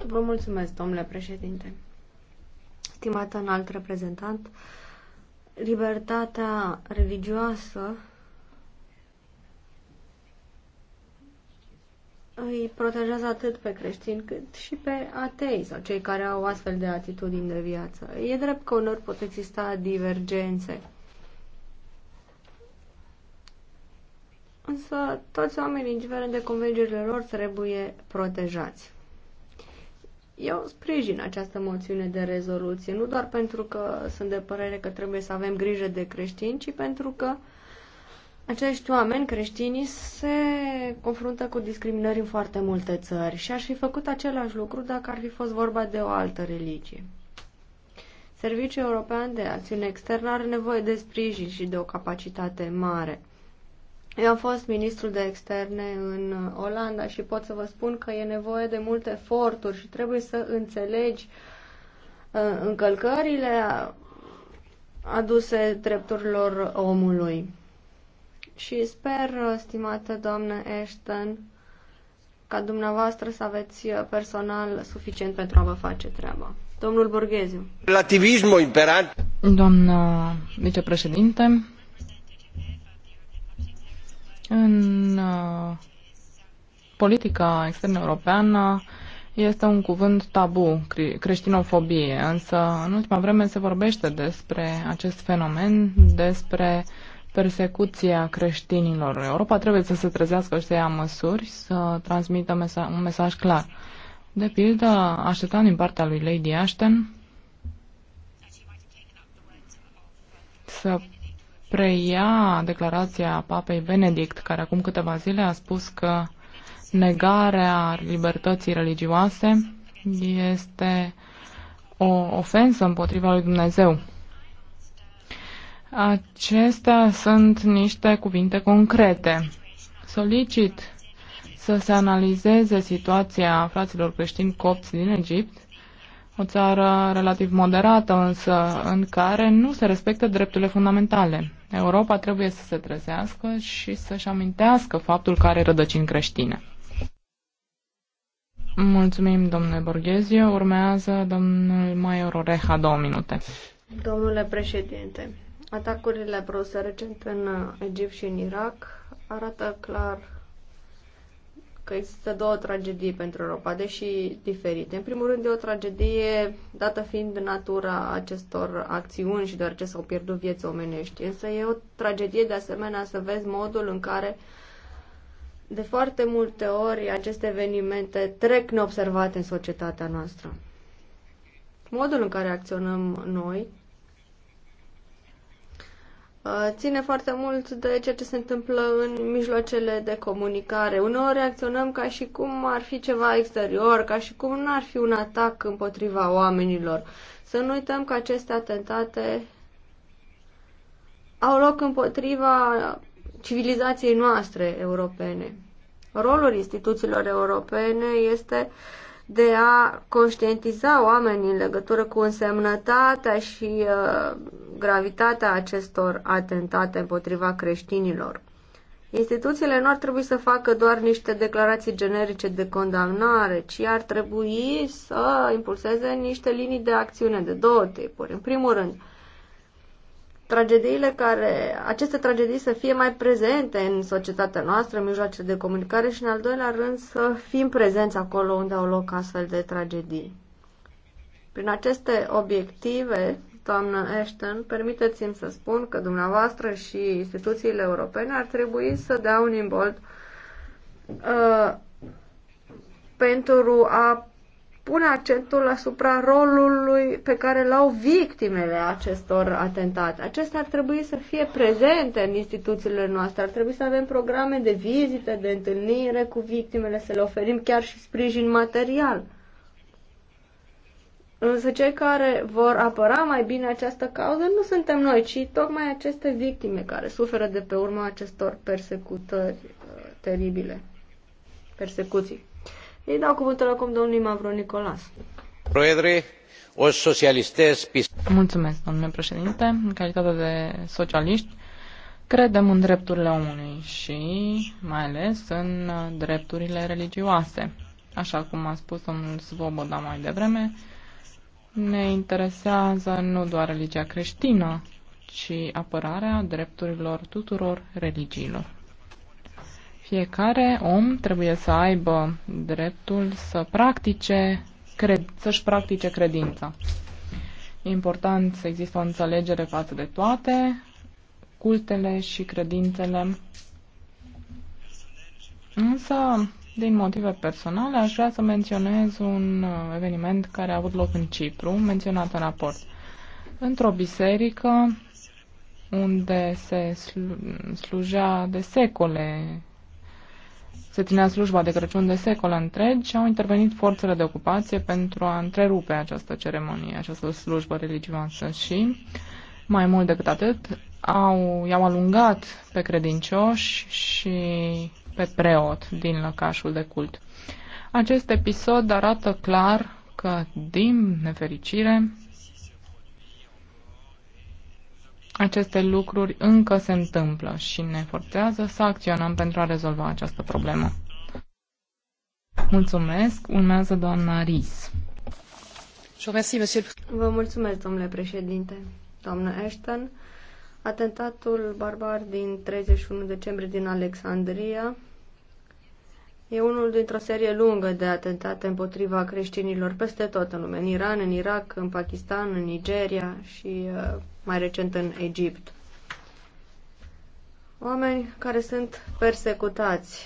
Vă mulțumesc, domnule președinte. Stimată înalt reprezentant, libertatea religioasă îi protejează atât pe creștini cât și pe atei sau cei care au astfel de atitudini de viață. E drept că unor pot exista divergențe însă toți oamenii, indiferent de convingerile lor, trebuie protejați. Eu sprijin această moțiune de rezoluție, nu doar pentru că sunt de părere că trebuie să avem grijă de creștini, ci pentru că acești oameni, creștini se confruntă cu discriminări în foarte multe țări și aș fi făcut același lucru dacă ar fi fost vorba de o altă religie. Serviciul European de Acțiune Externă are nevoie de sprijin și de o capacitate mare – eu am fost ministru de externe în Olanda și pot să vă spun că e nevoie de multe eforturi și trebuie să înțelegi uh, încălcările aduse drepturilor omului. Și sper, stimată doamnă Ashton, ca dumneavoastră să aveți personal suficient pentru a vă face treaba. Domnul Borgheziu. Relativismul imperant. Doamnă vicepreședinte, în uh, politica externă europeană este un cuvânt tabu, creștinofobie, însă în ultima vreme se vorbește despre acest fenomen, despre persecuția creștinilor. Europa trebuie să se trezească și să ia măsuri, să transmită un mesaj clar. De pildă, așteptam din partea lui Lady Ashton să preia declarația Papei Benedict, care acum câteva zile a spus că negarea libertății religioase este o ofensă împotriva lui Dumnezeu. Acestea sunt niște cuvinte concrete. Solicit să se analizeze situația fraților creștini copți din Egipt o țară relativ moderată, însă în care nu se respectă drepturile fundamentale. Europa trebuie să se trezească și să-și amintească faptul că are rădăcini creștine. Mulțumim, domnule Borghezio. Urmează domnul Maior Oreha, două minute. Domnule președinte, atacurile bruse recent în Egipt și în Irak arată clar că există două tragedii pentru Europa, deși diferite. În primul rând, e o tragedie dată fiind natura acestor acțiuni și deoarece s-au pierdut vieți omenești. Însă e o tragedie de asemenea să vezi modul în care de foarte multe ori aceste evenimente trec neobservate în societatea noastră. Modul în care acționăm noi Uh, ține foarte mult de ceea ce se întâmplă în mijloacele de comunicare. Uneori reacționăm ca și cum ar fi ceva exterior, ca și cum nu ar fi un atac împotriva oamenilor. Să nu uităm că aceste atentate au loc împotriva civilizației noastre europene. Rolul instituțiilor europene este uh, de a conștientiza oamenii în legătură cu însemnătatea și uh, gravitatea acestor atentate împotriva creștinilor. Instituțiile nu ar trebui să facă doar niște declarații generice de condamnare, ci ar trebui să impulseze niște linii de acțiune de două tipuri. În primul rând, uh, tragediile care, aceste tragedii să fie mai prezente în societatea noastră, în mijloacele de comunicare și, în al doilea rând, să fim prezenți acolo unde au loc astfel de tragedii. Prin aceste obiective, doamnă Ashton, permiteți-mi să spun că dumneavoastră și instituțiile europene ar trebui să dea un imbold uh, pentru a pune accentul asupra rolului pe care l-au victimele acestor atentate. Acestea ar trebui să fie prezente în instituțiile noastre, ar trebui să avem programe de vizite, de întâlnire cu victimele, să le oferim chiar și sprijin material. Însă cei care vor apăra mai bine această cauză nu suntem noi, ci tocmai aceste victime care suferă de pe urma acestor persecutări uh, teribile, persecuții. Îi dau cuvântul acum domnului Mavro Nicolas. Proedre, o socialistez... Mulțumesc, domnule președinte. În calitate de socialiști, credem în drepturile omului și mai ales în drepturile religioase. Așa cum a spus domnul Svoboda mai devreme, ne interesează nu doar religia creștină, ci apărarea drepturilor tuturor religiilor. Fiecare om trebuie să aibă dreptul să practice, cred, să-și practice credința. E important să există o înțelegere față de toate cultele și credințele. Însă, din motive personale, aș vrea să menționez un eveniment care a avut loc în Cipru, menționat în raport. Într-o biserică unde se slujea de secole se ținea slujba de Crăciun de secol întreg și au intervenit forțele de ocupație pentru a întrerupe această ceremonie, această slujbă religioasă și, mai mult decât atât, au, i-au alungat pe credincioși și pe preot din lăcașul de cult. Acest episod arată clar că, din nefericire, aceste lucruri încă se întâmplă și ne forțează să acționăm pentru a rezolva această problemă. Mulțumesc. Urmează doamna Ris. Vă mulțumesc, domnule președinte. doamna Ashton, atentatul barbar din 31 decembrie din Alexandria E unul dintr-o serie lungă de atentate împotriva creștinilor peste tot în lume, în Iran, în Irak, în Pakistan, în Nigeria și uh, mai recent în Egipt. Oameni care sunt persecutați.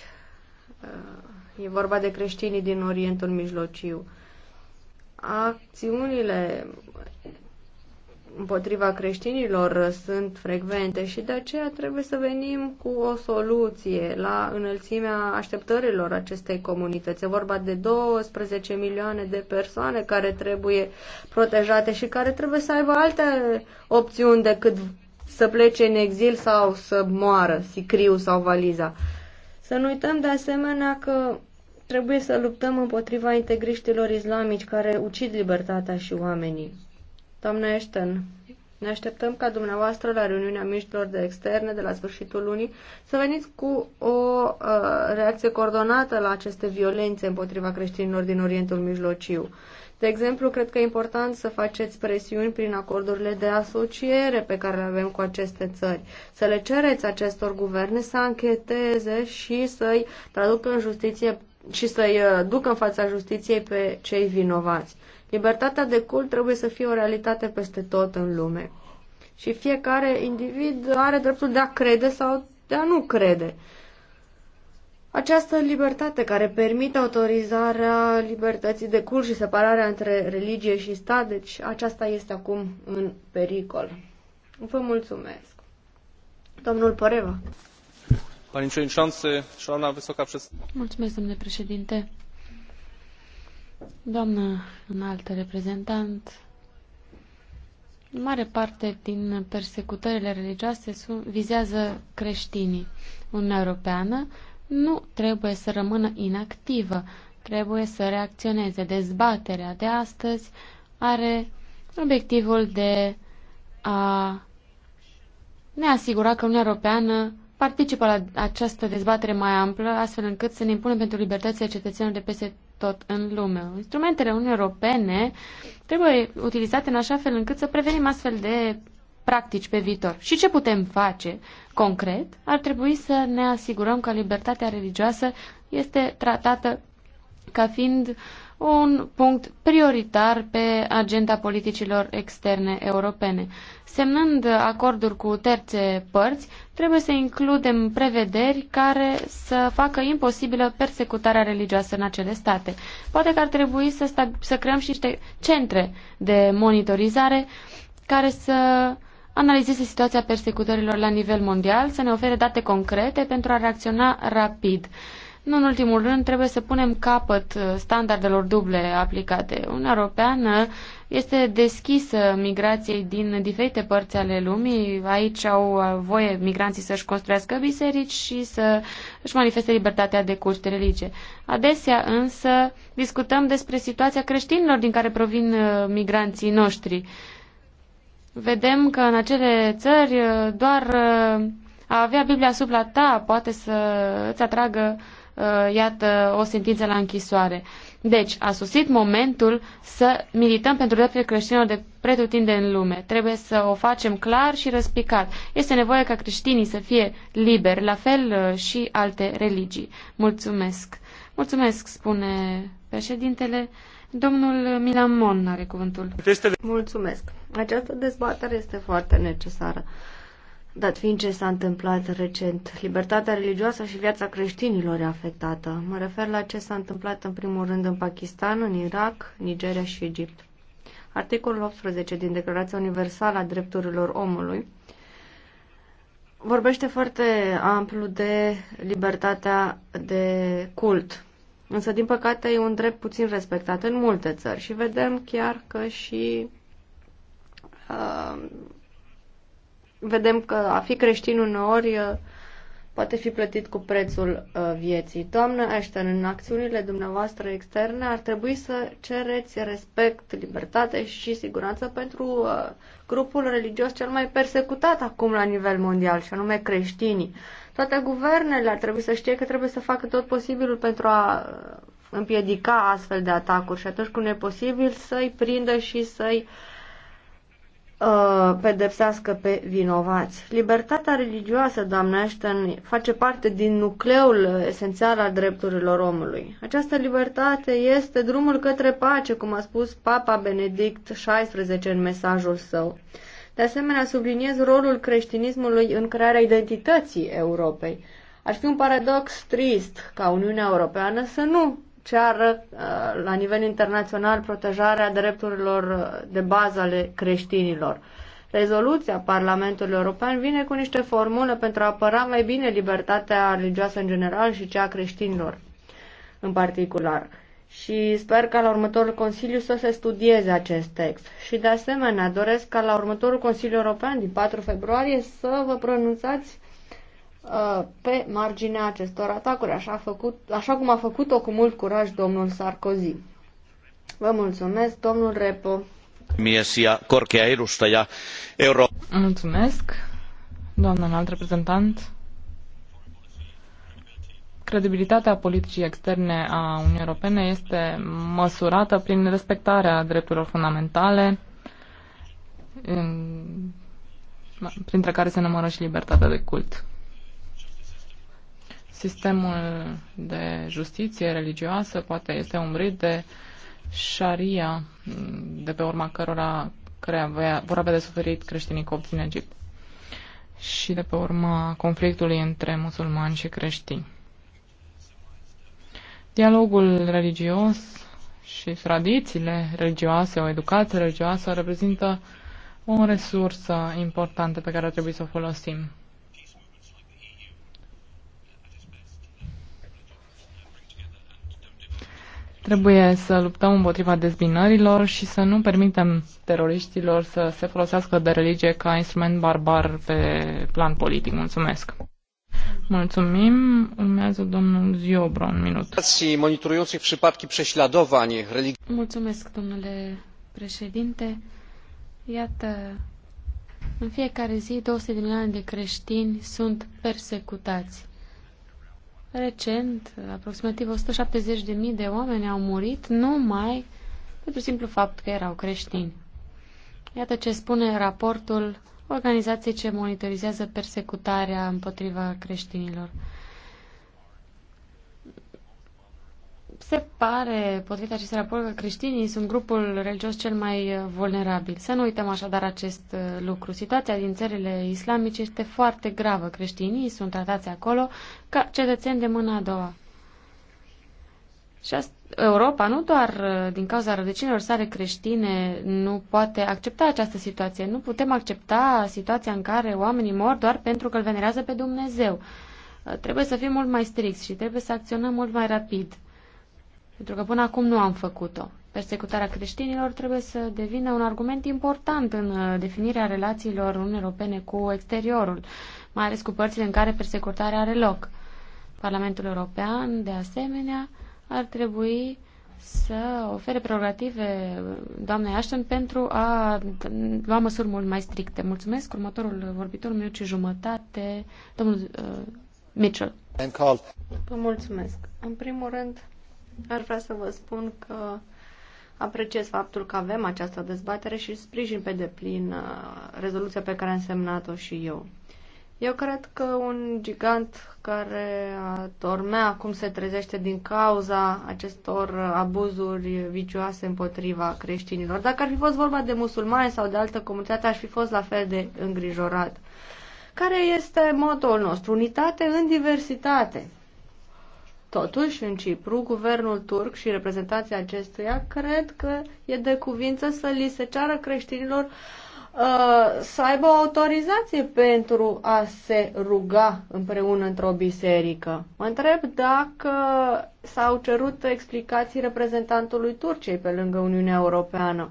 Uh, e vorba de creștinii din Orientul Mijlociu. Acțiunile împotriva creștinilor sunt frecvente și de aceea trebuie să venim cu o soluție la înălțimea așteptărilor acestei comunități. E vorba de 12 milioane de persoane care trebuie protejate și care trebuie să aibă alte opțiuni decât să plece în exil sau să moară, sicriu sau valiza. Să nu uităm de asemenea că trebuie să luptăm împotriva integriștilor islamici care ucid libertatea și oamenii. Doamne Ashton, ne așteptăm ca dumneavoastră la reuniunea miștilor de externe de la sfârșitul lunii să veniți cu o uh, reacție coordonată la aceste violențe împotriva creștinilor din Orientul Mijlociu. De exemplu, cred că e important să faceți presiuni prin acordurile de asociere pe care le avem cu aceste țări, să le cereți acestor guverne să ancheteze și să-i traducă în justiție și să-i uh, ducă în fața justiției pe cei vinovați. Libertatea de cult trebuie să fie o realitate peste tot în lume. Și fiecare individ are dreptul de a crede sau de a nu crede. Această libertate care permite autorizarea libertății de cult și separarea între religie și stat, deci aceasta este acum în pericol. Vă mulțumesc. Domnul Păreva. Mulțumesc, domnule președinte. Doamnă înaltă reprezentant, în mare parte din persecutările religioase vizează creștinii. Uniunea Europeană nu trebuie să rămână inactivă, trebuie să reacționeze. Dezbaterea de astăzi are obiectivul de a ne asigura că Uniunea Europeană participă la această dezbatere mai amplă, astfel încât să ne impunem pentru libertățile cetățenilor de peste tot în lume. Instrumentele Uniunii Europene trebuie utilizate în așa fel încât să prevenim astfel de practici pe viitor. Și ce putem face concret? Ar trebui să ne asigurăm că libertatea religioasă este tratată ca fiind un punct prioritar pe agenda politicilor externe europene. Semnând acorduri cu terțe părți, trebuie să includem prevederi care să facă imposibilă persecutarea religioasă în acele state. Poate că ar trebui să, să creăm și niște centre de monitorizare care să analizeze situația persecutărilor la nivel mondial, să ne ofere date concrete pentru a reacționa rapid. Uh, nu în ultimul rând, trebuie să punem capăt uh, standardelor duble aplicate. Uniunea Europeană este deschisă migrației din diferite părți ale lumii. Aici au uh, voie migranții să-și construiască biserici și să își manifeste libertatea de cult de religie. Adesea însă discutăm despre situația creștinilor din care provin uh, migranții noștri. Vedem că în acele țări doar a avea Biblia sub la ta poate să îți atragă Uh, iată, o sentință la închisoare. Deci, a sosit momentul să milităm pentru drepturile creștinilor de pretutinde în lume. Trebuie să o facem clar și răspicat. Este nevoie ca creștinii să fie liberi, la fel uh, și alte religii. Mulțumesc. Mulțumesc, spune președintele. Domnul Milan Mon are cuvântul. Mulțumesc. Această dezbatere este foarte necesară dat fiind ce s-a întâmplat recent. Libertatea religioasă și viața creștinilor e afectată. Mă refer la ce s-a întâmplat în primul rând în Pakistan, în Irak, Nigeria și Egipt. Articolul 18 din Declarația Universală a Drepturilor Omului vorbește foarte amplu de libertatea de cult. Însă, din păcate, e un drept puțin respectat în multe țări și vedem chiar că și uh, vedem că a fi creștin uneori uh, poate fi plătit cu prețul uh, vieții. Doamnă Ashton, în acțiunile dumneavoastră externe ar trebui să cereți respect, libertate și siguranță pentru uh, grupul religios cel mai persecutat acum la nivel mondial, și anume creștinii. Toate guvernele ar trebui să știe că trebuie să facă tot posibilul pentru a împiedica astfel de atacuri și atunci când e posibil să-i prindă și să-i uh, Uh, pedepsească pe vinovați. Libertatea religioasă, doamne Ashton, face parte din nucleul esențial al drepturilor omului. Această libertate este drumul către pace, cum a spus Papa Benedict XVI în mesajul său. De asemenea, subliniez rolul creștinismului în crearea identității Europei. Ar fi un paradox trist ca Uniunea Europeană să nu ceară uh, la nivel internațional protejarea drepturilor de bază ale creștinilor. Rezoluția Parlamentului European vine cu niște formule pentru a apăra mai bine libertatea religioasă în general și cea a creștinilor în particular. Și sper ca la următorul Consiliu să se studieze acest text. Și de asemenea doresc ca la următorul Consiliu European din 4 februarie să vă pronunțați Uh, pe marginea acestor atacuri, așa, făcut, așa cum a făcut-o cu mult curaj domnul Sarkozy. Vă mulțumesc, domnul Repo. Mulțumesc, doamna înalt reprezentant. Credibilitatea politicii externe a Uniunii Europene este măsurată prin respectarea drepturilor fundamentale, printre care se numără și libertatea de cult. Sistemul de justiție religioasă poate este umbrit de șaria, mm, de pe urma cărora avea, vor avea de suferit creștinii copți în Egipt și de pe urma conflictului între musulmani și creștini. Dialogul religios și tradițiile religioase, o educație religioasă reprezintă o resursă importantă pe care trebuie să o folosim. Trebuie să luptăm împotriva dezbinărilor și să nu permitem teroriștilor să se folosească de religie ca instrument barbar pe plan politic. Mulțumesc! Mulțumim. Urmează domnul Ziobro, un minut. Mulțumesc, domnule președinte. Iată, în fiecare zi 200 de milioane de creștini sunt persecutați. Recent, aproximativ 170.000 de oameni au murit numai pentru simplu fapt că erau creștini. Iată ce spune raportul organizației ce monitorizează persecutarea împotriva creștinilor. se pare, potrivit acestui raport, că creștinii sunt grupul religios cel mai vulnerabil. Să nu uităm așadar acest uh, lucru. Situația din țările islamice este foarte gravă. Creștinii sunt tratați acolo ca cetățeni de mâna a doua. Și asta, Europa, nu doar uh, din cauza rădăcinilor sale creștine, nu poate accepta această situație. Nu putem accepta situația în care oamenii mor doar pentru că îl venerează pe Dumnezeu. Uh, trebuie să fim mult mai stricți și trebuie să acționăm mult mai rapid pentru că până acum nu am făcut-o. Persecutarea creștinilor trebuie să devină un argument important în uh, definirea relațiilor Uniunii Europene cu exteriorul, mai ales cu părțile în care persecutarea are loc. Parlamentul European, de asemenea, ar trebui să ofere prerogative doamnei Ashton pentru a lua măsuri mult mai stricte. Mulțumesc. Următorul vorbitor, minut și jumătate, domnul uh, Mitchell. Vă mulțumesc. În primul rând, ar vrea să vă spun că apreciez faptul că avem această dezbatere și sprijin pe deplin uh, rezoluția pe care am semnat-o și eu. Eu cred că un gigant care dormea acum se trezește din cauza acestor uh, abuzuri vicioase împotriva creștinilor. Dacă ar fi fost vorba de musulmani sau de altă comunitate, aș fi fost la fel de îngrijorat. Care este motoul nostru? Unitate în diversitate. Totuși, în Cipru, guvernul turc și reprezentanții acestuia cred că e de cuvință să li se ceară creștinilor uh, să aibă o autorizație pentru a se ruga împreună într-o biserică. Mă întreb dacă s-au cerut explicații reprezentantului Turciei pe lângă Uniunea Europeană.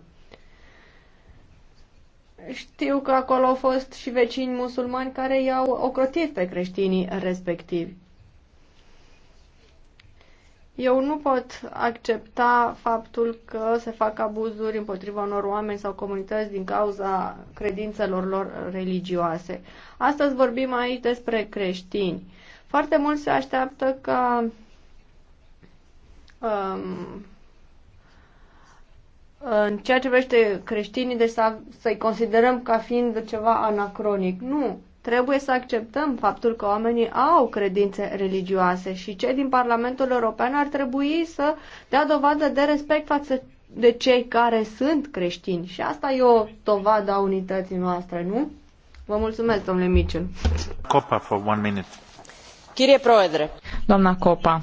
Știu că acolo au fost și vecini musulmani care i-au ocrotit pe creștinii respectivi. Eu nu pot accepta faptul că se fac abuzuri împotriva unor oameni sau comunități din cauza credințelor lor religioase. Astăzi vorbim aici despre creștini. Foarte mult se așteaptă ca um, în ceea ce vește creștinii, deci să, să-i considerăm ca fiind ceva anacronic. Nu, Trebuie să acceptăm faptul că oamenii au credințe religioase și cei din Parlamentul European ar trebui să dea dovadă de respect față de cei care sunt creștini. Și asta e o dovadă a unității noastre, nu? Vă mulțumesc, domnule Mitchell. Copa, for one minute. Chirie Proedre. Doamna Copa.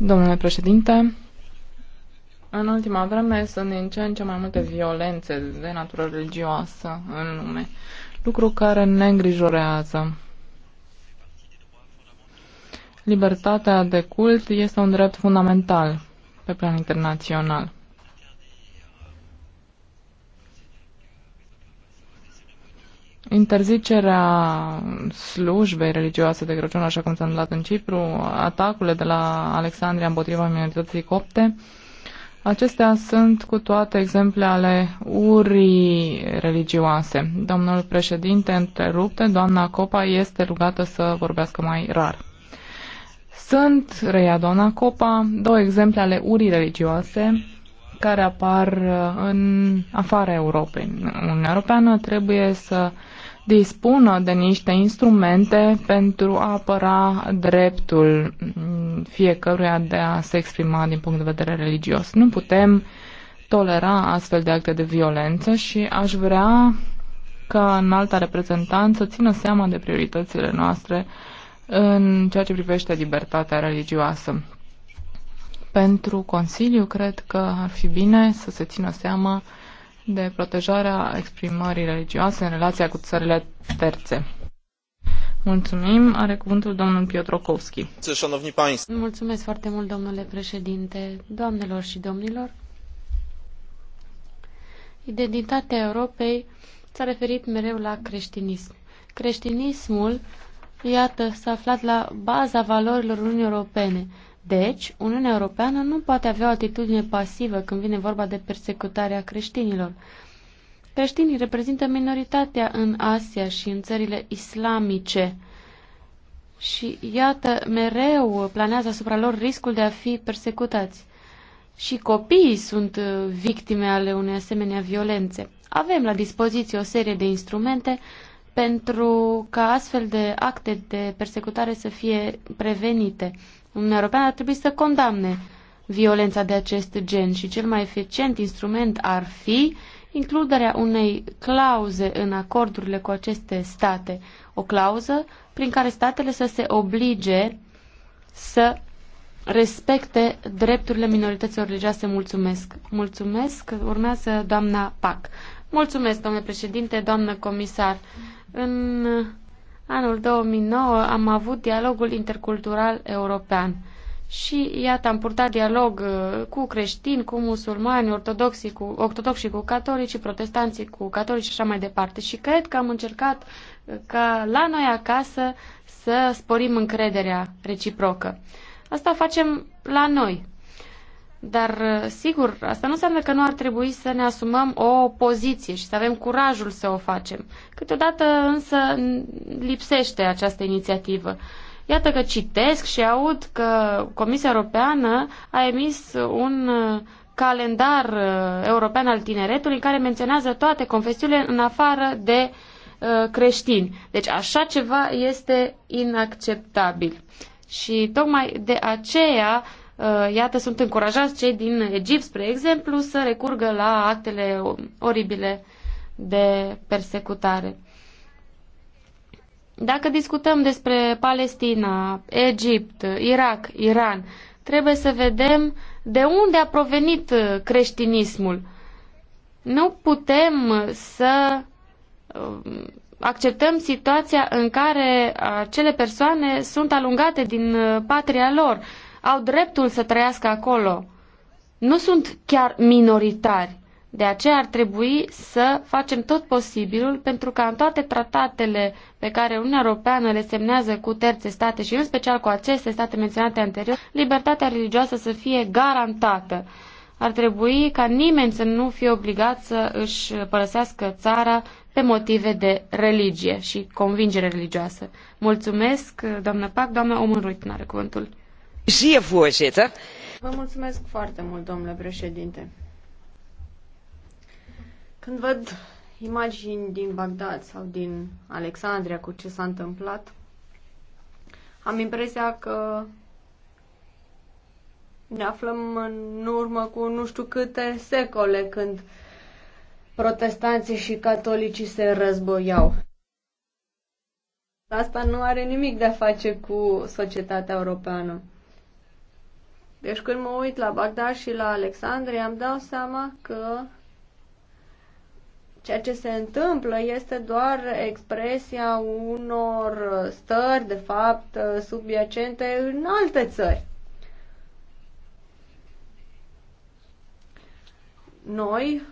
Domnule președinte, în ultima vreme sunt din ce în ce mai multe violențe de natură religioasă în lume lucru care ne îngrijorează. Libertatea de cult este un drept fundamental pe plan internațional. Interzicerea slujbei religioase de Crăciun, așa cum s-a întâmplat în Cipru, atacurile de la Alexandria împotriva minorității copte, uh, Acestea sunt cu toate exemple ale urii religioase. Domnul președinte întrerupte, doamna Copa este rugată să vorbească mai rar. Sunt, reia doamna Copa, două exemple ale urii religioase care apar în afara Europei. Uniunea Europeană trebuie să uh, dispună de niște instrumente pentru a apăra dreptul fiecăruia de a se exprima din punct de vedere religios. Nu putem tolera astfel de acte de violență și aș vrea ca în alta reprezentanță să țină seama de prioritățile noastre în ceea ce privește libertatea religioasă. Pentru Consiliu, cred că ar fi bine să se țină seama uh, de protejarea exprimării religioase în relația cu țările terțe. Mulțumim. Are cuvântul domnul Piotrokovski. Mulțumesc foarte mult, domnule președinte, doamnelor și domnilor. Identitatea Europei s-a referit mereu la creștinism. Creștinismul, iată, s-a aflat la baza valorilor Uniunii Europene. Deci, Uniunea Europeană nu poate avea o atitudine pasivă când vine vorba de persecutarea creștinilor. Creștinii reprezintă minoritatea în Asia și în țările islamice. Și iată, mereu planează asupra lor riscul de a fi persecutați. Și copiii sunt uh, victime ale unei asemenea violențe. Avem la dispoziție o serie de instrumente pentru ca astfel de acte de persecutare să fie prevenite. Uniunea Europeană ar trebui să condamne violența de acest gen și cel mai eficient instrument ar fi includerea unei clauze în acordurile cu aceste state, o clauză prin care statele să se oblige să respecte drepturile minorităților religioase. Mulțumesc. Mulțumesc. Urmează doamna Pac. Mulțumesc, domnule președinte, doamnă comisar. În anul 2009 am avut dialogul intercultural european. Și iată, am purtat dialog uh, cu creștini, cu musulmani, ortodoxii cu, ortodoxii cu catolici, protestanții cu catolici și așa mai departe. Și cred că am încercat uh, ca la noi acasă să sporim încrederea reciprocă. Asta facem la noi, dar, uh, sigur, asta nu înseamnă că nu ar trebui să ne asumăm o poziție și să avem curajul să o facem. Câteodată însă lipsește această inițiativă. Iată că citesc și aud că Comisia Europeană a emis un uh, calendar uh, european al tineretului în care menționează toate confesiunile în afară de creștini. Deci așa ceva este inacceptabil. Și tocmai de aceea Uh, iată, sunt încurajați cei din Egipt, spre exemplu, să recurgă la actele oribile de persecutare. Dacă discutăm despre Palestina, Egipt, Irak, Iran, trebuie să vedem de unde a provenit creștinismul. Nu putem să uh, acceptăm situația în care acele persoane sunt alungate din uh, patria lor au dreptul să trăiască acolo. Nu sunt chiar minoritari. De aceea ar trebui să facem tot posibilul pentru ca în toate tratatele pe care Uniunea Europeană le semnează cu terțe state și în special cu aceste state menționate anterior, libertatea religioasă să fie garantată. Ar trebui ca nimeni să nu fie obligat să își părăsească țara pe motive de religie și convingere religioasă. Mulțumesc, doamnă Pac, doamnă Omul Ruitin are cuvântul voorzitter. Vă mulțumesc foarte mult, domnule președinte. Când văd imagini din Bagdad sau din Alexandria cu ce s-a întâmplat, am impresia că ne aflăm în urmă cu nu știu câte secole când protestanții și catolicii se războiau. Asta nu are nimic de a face cu societatea europeană. Deci când mă uit la Bagdad și la Alexandria, îmi dau seama că ceea ce se întâmplă este doar expresia unor stări, de fapt, subiacente în alte țări. Noi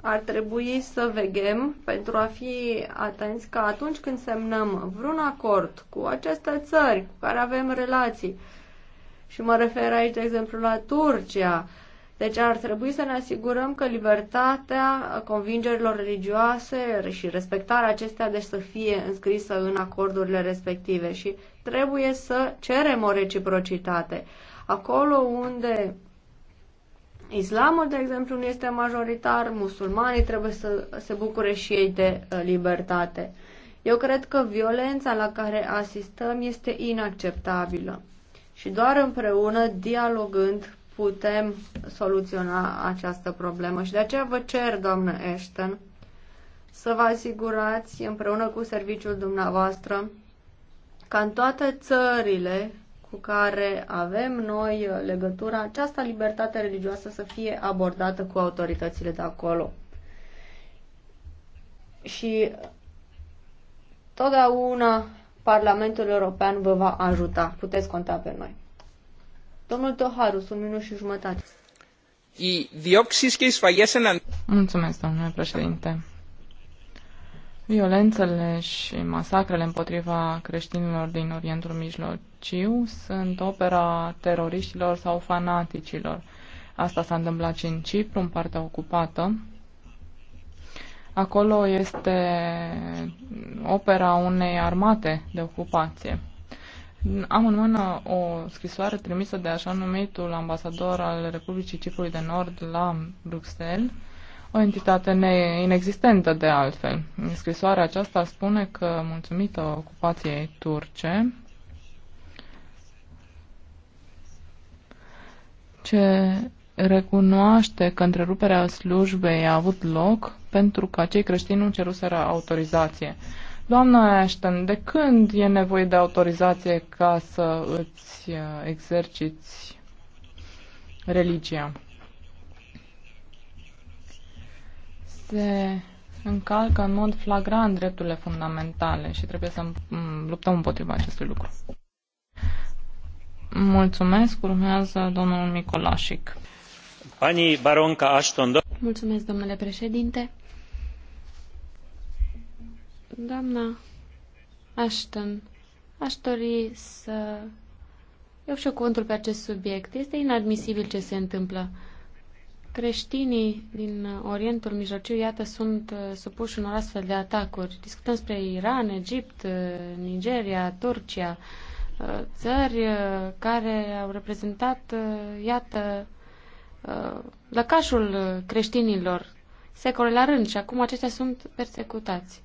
ar trebui să veghem pentru a fi atenți că atunci când semnăm vreun acord cu aceste țări cu care avem relații, și mă refer aici, de exemplu, la Turcia. Deci ar trebui să ne asigurăm că libertatea convingerilor religioase și respectarea acestea de deci să fie înscrisă în acordurile respective și trebuie să cerem o reciprocitate. Acolo unde islamul, de exemplu, nu este majoritar, musulmanii trebuie să se bucure și ei de uh, libertate. Eu cred că violența la care asistăm este inacceptabilă. Și doar împreună, dialogând, putem soluționa această problemă. Și de aceea vă cer, doamnă Ashton, să vă asigurați împreună cu serviciul dumneavoastră ca în toate țările cu care avem noi legătura, această libertate religioasă să fie abordată cu autoritățile de acolo. Și totdeauna Parlamentul European vă va ajuta. Puteți conta pe noi. Domnul Toharu, sunt minut și jumătate. Mulțumesc, domnule președinte. Violențele și masacrele împotriva creștinilor din Orientul Mijlociu sunt opera teroriștilor sau fanaticilor. Asta s-a întâmplat și în Cipru, în partea ocupată, Acolo este opera unei armate de ocupație. Am în mână o scrisoare trimisă de așa numitul ambasador al Republicii Cipului de Nord la Bruxelles, o entitate inexistentă de altfel. Scrisoarea aceasta spune că, mulțumită ocupației turce, ce recunoaște că întreruperea slujbei a avut loc pentru că cei creștini nu ceruseră autorizație. Doamna Ashton, de când e nevoie de autorizație ca să îți uh, exerciți religia? Se încalcă în mod flagrant drepturile fundamentale și trebuie să mm, luptăm împotriva acestui lucru. Mulțumesc. Urmează domnul Nicolașic. Pani Baronca Ashton. Mulțumesc, domnule președinte. Doamna Ashton, aș dori să eu și cuvântul pe acest subiect. Este inadmisibil ce se întâmplă. Creștinii din Orientul Mijlociu, iată, sunt uh, supuși unor astfel de atacuri. Discutăm despre Iran, Egipt, uh, Nigeria, Turcia, uh, țări care au reprezentat, iată, lăcașul creștinilor secole la rând și acum aceștia sunt persecutați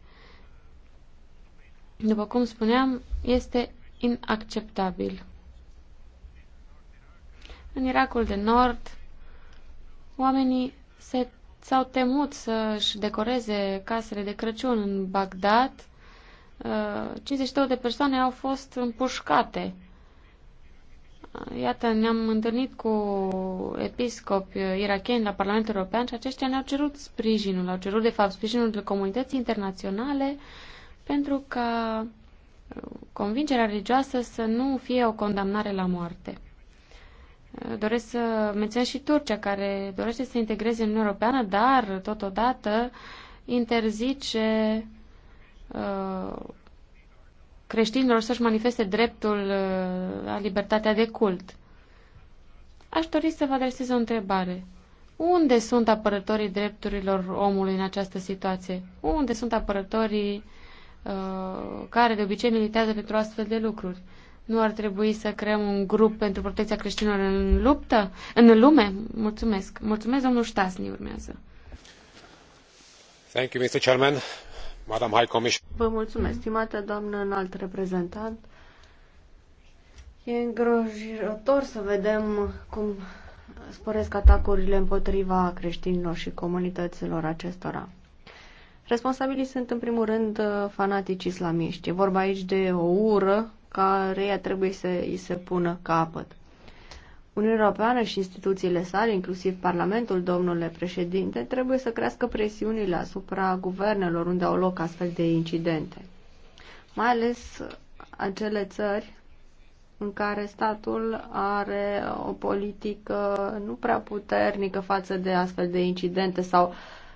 după cum spuneam, este inacceptabil. În Irakul de Nord, oamenii se, s-au temut să-și decoreze casele de Crăciun în Bagdad. 52 uh, de persoane au fost împușcate. Iată, ne-am întâlnit cu episcopi iracheni la Parlamentul European și aceștia ne-au cerut sprijinul, au cerut de fapt sprijinul de comunității internaționale uh, pentru ca uh, convingerea religioasă să nu fie o condamnare la moarte. Uh, doresc să menționez și Turcia, care dorește să se integreze în Uniunea Europeană, dar totodată interzice uh, creștinilor să-și manifeste dreptul la libertatea de cult. Aș dori să vă adresez o întrebare. Unde sunt apărătorii drepturilor omului în această situație? Unde sunt apărătorii uh, Uh, care de obicei militează pentru astfel de lucruri. Nu ar trebui să creăm un grup pentru protecția creștinilor în luptă, în lume? Mulțumesc. Mulțumesc, domnul Ștasni, urmează. Thank you, Mr. Chairman. Madam High Commissioner. Vă mulțumesc, stimată doamnă înalt reprezentant. E îngrojirător să vedem cum sporesc atacurile împotriva creștinilor și comunităților acestora. Responsabilii sunt în primul rând uh, fanatici islamiști. E vorba aici de o ură care ea trebuie să îi se pună capăt. Uniunea Europeană și instituțiile sale, inclusiv Parlamentul, domnule președinte, trebuie să crească presiunile asupra guvernelor unde au loc astfel de incidente. Mai ales acele țări în care statul are o politică nu prea puternică față de astfel de incidente sau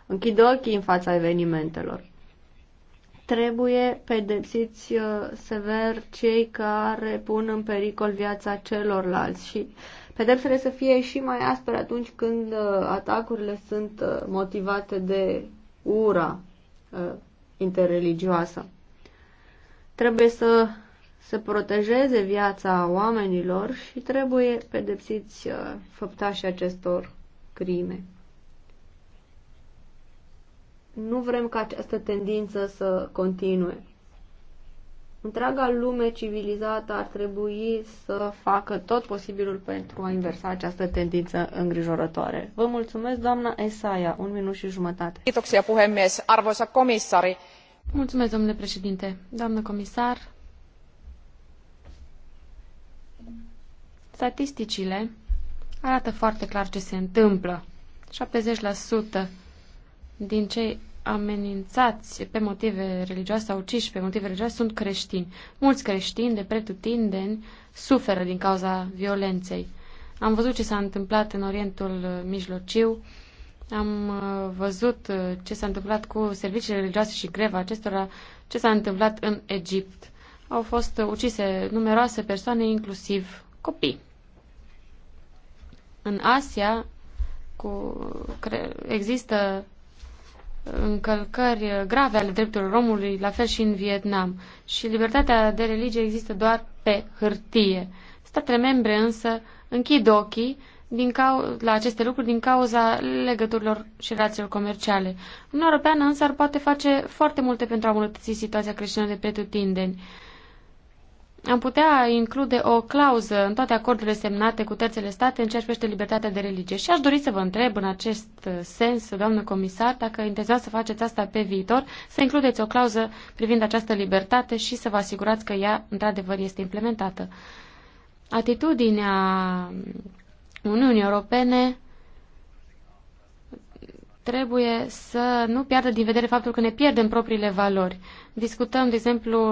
închid ochii în fața evenimentelor. Trebuie pedepsiți uh, sever cei care pun în pericol viața celorlalți și pedepsele să fie și mai aspre atunci când uh, atacurile sunt uh, motivate de ura interreligioasă. Trebuie să se protejeze viața oamenilor și trebuie pedepsiți făptașii acestor crime. Nu vrem ca această tendință să continue. Întreaga lume civilizată ar trebui să facă tot posibilul pentru a inversa această tendință îngrijorătoare. Vă mulțumesc, doamna Esaia. Un minut și jumătate. Kiitoksia, puhemies. Arvoisa komissari. Mulțumesc, domnule președinte. Doamnă comisar, statisticile arată foarte clar ce se întâmplă. 70% din cei amenințați pe motive religioase sau uciși pe motive religioase sunt creștini. Mulți creștini de pretutindeni suferă din cauza violenței. Am văzut ce s-a întâmplat în Orientul Mijlociu, am uh, văzut uh, ce s-a întâmplat cu serviciile religioase și greva acestora, ce s-a întâmplat în Egipt. Au fost ucise numeroase persoane, inclusiv copii. În Asia cu, cre, există încălcări grave ale drepturilor omului, la fel și în Vietnam. Și libertatea de religie există doar pe hârtie. Statele membre însă închid ochii din cau- la aceste lucruri din cauza legăturilor și relațiilor comerciale. Uniunea Europeană însă ar poate face foarte multe pentru a îmbunătăți situația creștină de pretutindeni am putea include o clauză în toate acordurile semnate cu terțele state în ceea ce privește libertatea de religie. Și aș dori să vă întreb în acest sens, doamnă comisar, dacă intenționați să faceți asta pe viitor, să includeți o clauză privind această libertate și să vă asigurați că ea, într-adevăr, este implementată. Atitudinea Uniunii Europene trebuie să nu piardă din vedere faptul că ne pierdem propriile valori. Discutăm, de exemplu,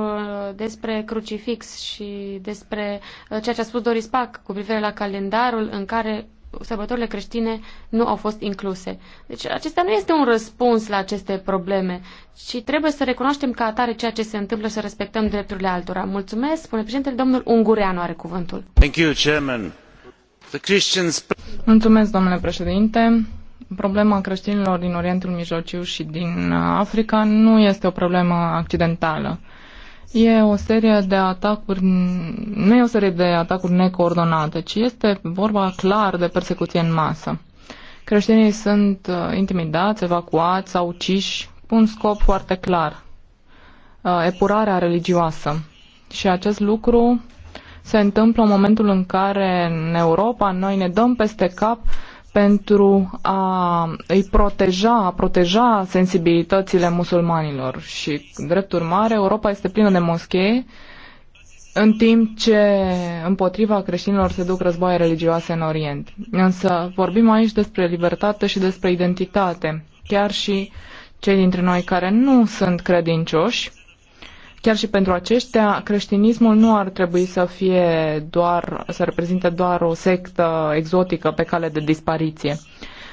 despre crucifix și despre uh, ceea ce a spus Doris Pac cu privire la calendarul în care sărbătorile creștine nu au fost incluse. Deci acesta nu este un răspuns la aceste probleme, ci trebuie să recunoaștem ca atare ceea ce se întâmplă să respectăm drepturile altora. Mulțumesc, spune președintele, domnul Ungureanu are cuvântul. Thank you, Chairman. The Christians... Mulțumesc, domnule președinte problema creștinilor din Orientul Mijlociu și din uh, Africa nu este o problemă accidentală. E o serie de atacuri, nu e o serie de atacuri necoordonate, ci este vorba clar de persecuție în masă. Creștinii sunt uh, intimidați, evacuați sau uciși cu un scop foarte clar, uh, epurarea religioasă. Și acest lucru se întâmplă în momentul în care în Europa noi ne dăm peste cap pentru a îi proteja, a proteja sensibilitățile musulmanilor. Și, drept urmare, Europa este plină de moschee, în timp ce împotriva creștinilor se duc războaie religioase în Orient. Însă vorbim aici despre libertate și despre identitate. Chiar și cei dintre noi care nu sunt credincioși Chiar și pentru aceștia, creștinismul nu ar trebui să fie doar, să reprezinte doar o sectă exotică pe cale de dispariție.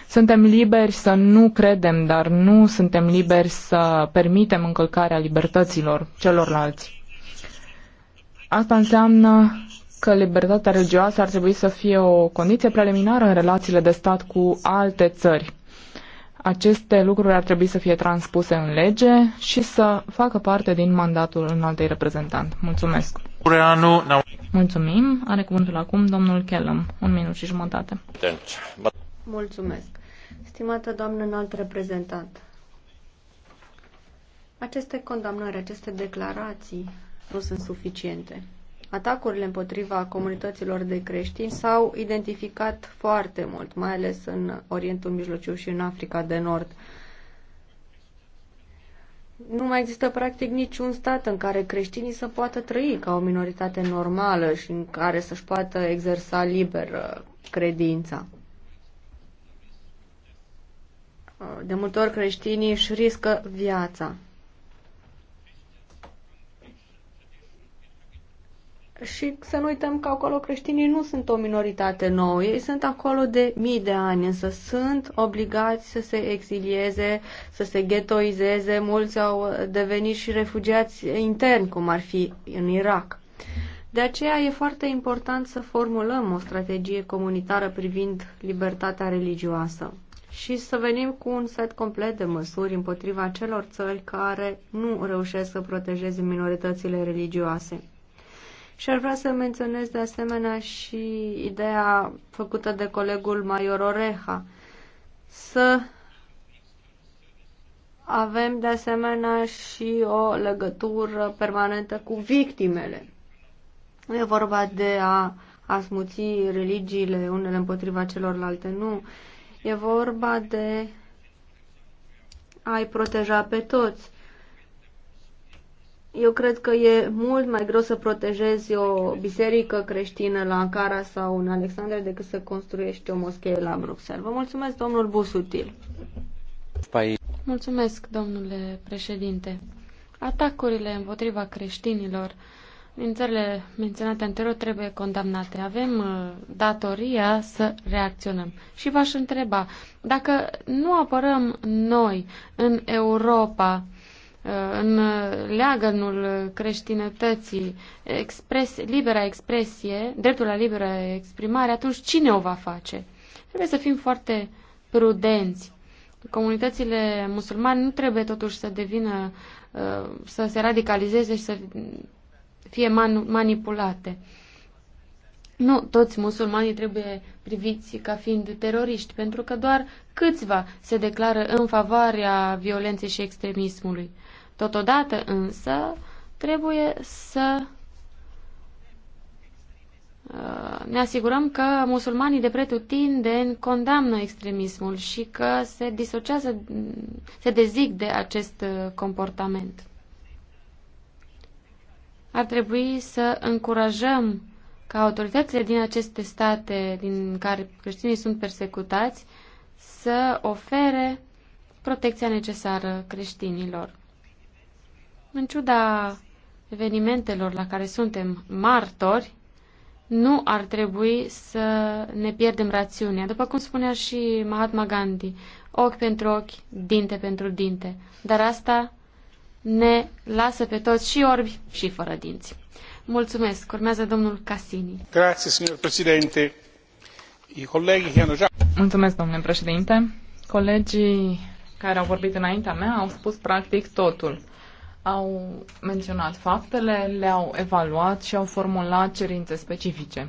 Suntem liberi să nu credem, dar nu suntem liberi să permitem încălcarea libertăților celorlalți. Asta înseamnă că libertatea religioasă ar trebui să fie o condiție preliminară în relațiile de stat cu alte țări. Aceste lucruri ar trebui să fie transpuse în lege și să facă parte din mandatul înaltei reprezentant. Mulțumesc! Mulțumim. Are cuvântul acum domnul Kellum. Un minut și jumătate. Mulțumesc. Stimată doamnă înalt reprezentant, aceste condamnări, aceste declarații nu sunt suficiente. Atacurile împotriva comunităților de creștini s-au identificat foarte mult, mai ales în Orientul Mijlociu și în Africa de Nord. Nu mai există practic niciun stat în care creștinii să poată trăi ca o minoritate normală și în care să-și poată exersa liber uh, credința. Uh, de multe ori creștinii își riscă viața Și să nu uităm că acolo creștinii nu sunt o minoritate nouă, ei sunt acolo de mii de ani, însă sunt obligați să se exilieze, să se ghettoizeze, mulți au devenit și refugiați interni, cum ar fi în Irak. De aceea e foarte important să formulăm o strategie comunitară privind libertatea religioasă și să venim cu un set complet de măsuri împotriva celor țări care nu reușesc să protejeze minoritățile religioase. Și ar vrea să menționez de asemenea și ideea făcută de colegul Maior Oreha să avem de asemenea și o legătură permanentă cu victimele. Nu E vorba de a asmuți religiile unele împotriva celorlalte, nu. E vorba de a-i proteja pe toți. Eu cred că e mult mai greu să protejezi o biserică creștină la Ankara sau în Alexandria decât să construiești o moschee la Bruxelles. Vă mulțumesc, domnul Busutil. Mulțumesc, domnule președinte. Atacurile împotriva creștinilor din țările menționate anterior trebuie condamnate. Avem uh, datoria să reacționăm. Și v-aș întreba, dacă nu apărăm noi în Europa în leagănul creștinătății, expres, libera expresie, dreptul la liberă exprimare, atunci cine o va face? Trebuie să fim foarte prudenți. Comunitățile musulmane nu trebuie totuși să devină, uh, să se radicalizeze și să fie manipulate. Nu toți musulmanii trebuie priviți ca fiind teroriști, pentru că doar câțiva se declară în favoarea violenței și extremismului. Totodată însă trebuie să uh, ne asigurăm că musulmanii de pretutindeni condamnă extremismul și că se disocează, se dezic de acest uh, comportament. Ar trebui să încurajăm ca autoritățile din aceste state din care creștinii sunt persecutați să ofere protecția necesară creștinilor. În ciuda evenimentelor la care suntem martori, nu ar trebui să ne pierdem rațiunea. După cum spunea și Mahatma Gandhi, ochi pentru ochi, dinte pentru dinte. Dar asta ne lasă pe toți și orbi și fără dinți. Mulțumesc. Urmează domnul Casini. Grazie, signor Mulțumesc, domnule președinte. Colegii care au vorbit înaintea mea au spus practic totul au menționat faptele, le-au evaluat și au formulat cerințe specifice.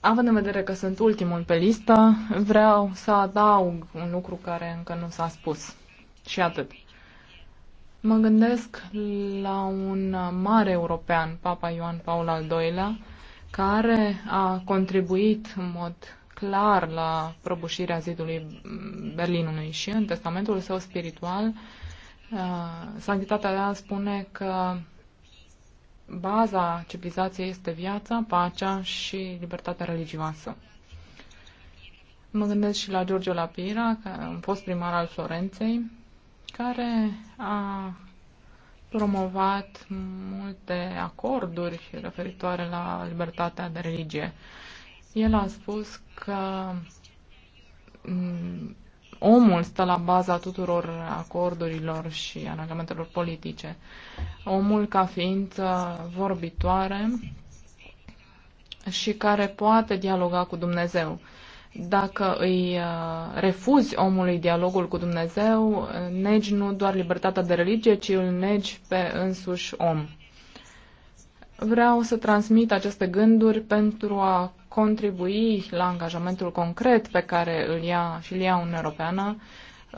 Având în vedere că sunt ultimul pe listă, vreau să adaug un lucru care încă nu s-a spus. Și atât. Mă gândesc la un mare european, Papa Ioan Paul al II-lea, care a contribuit în mod clar la prăbușirea zidului Berlinului și în testamentul său spiritual Uh, sanctitatea Lea spune că baza civilizației este viața, pacea și libertatea religioasă. Mă gândesc și la Giorgio Lapira, un fost primar al Florenței, care a promovat multe acorduri referitoare la libertatea de religie. El a spus că omul stă la baza tuturor acordurilor și angajamentelor politice. Omul ca fiind uh, vorbitoare și care poate dialoga cu Dumnezeu. Dacă îi uh, refuzi omului dialogul cu Dumnezeu, uh, negi nu doar libertatea de religie, ci îl negi pe însuși om. Vreau să transmit aceste gânduri pentru a contribui la angajamentul concret pe care îl ia și îl ia Uniunea Europeană,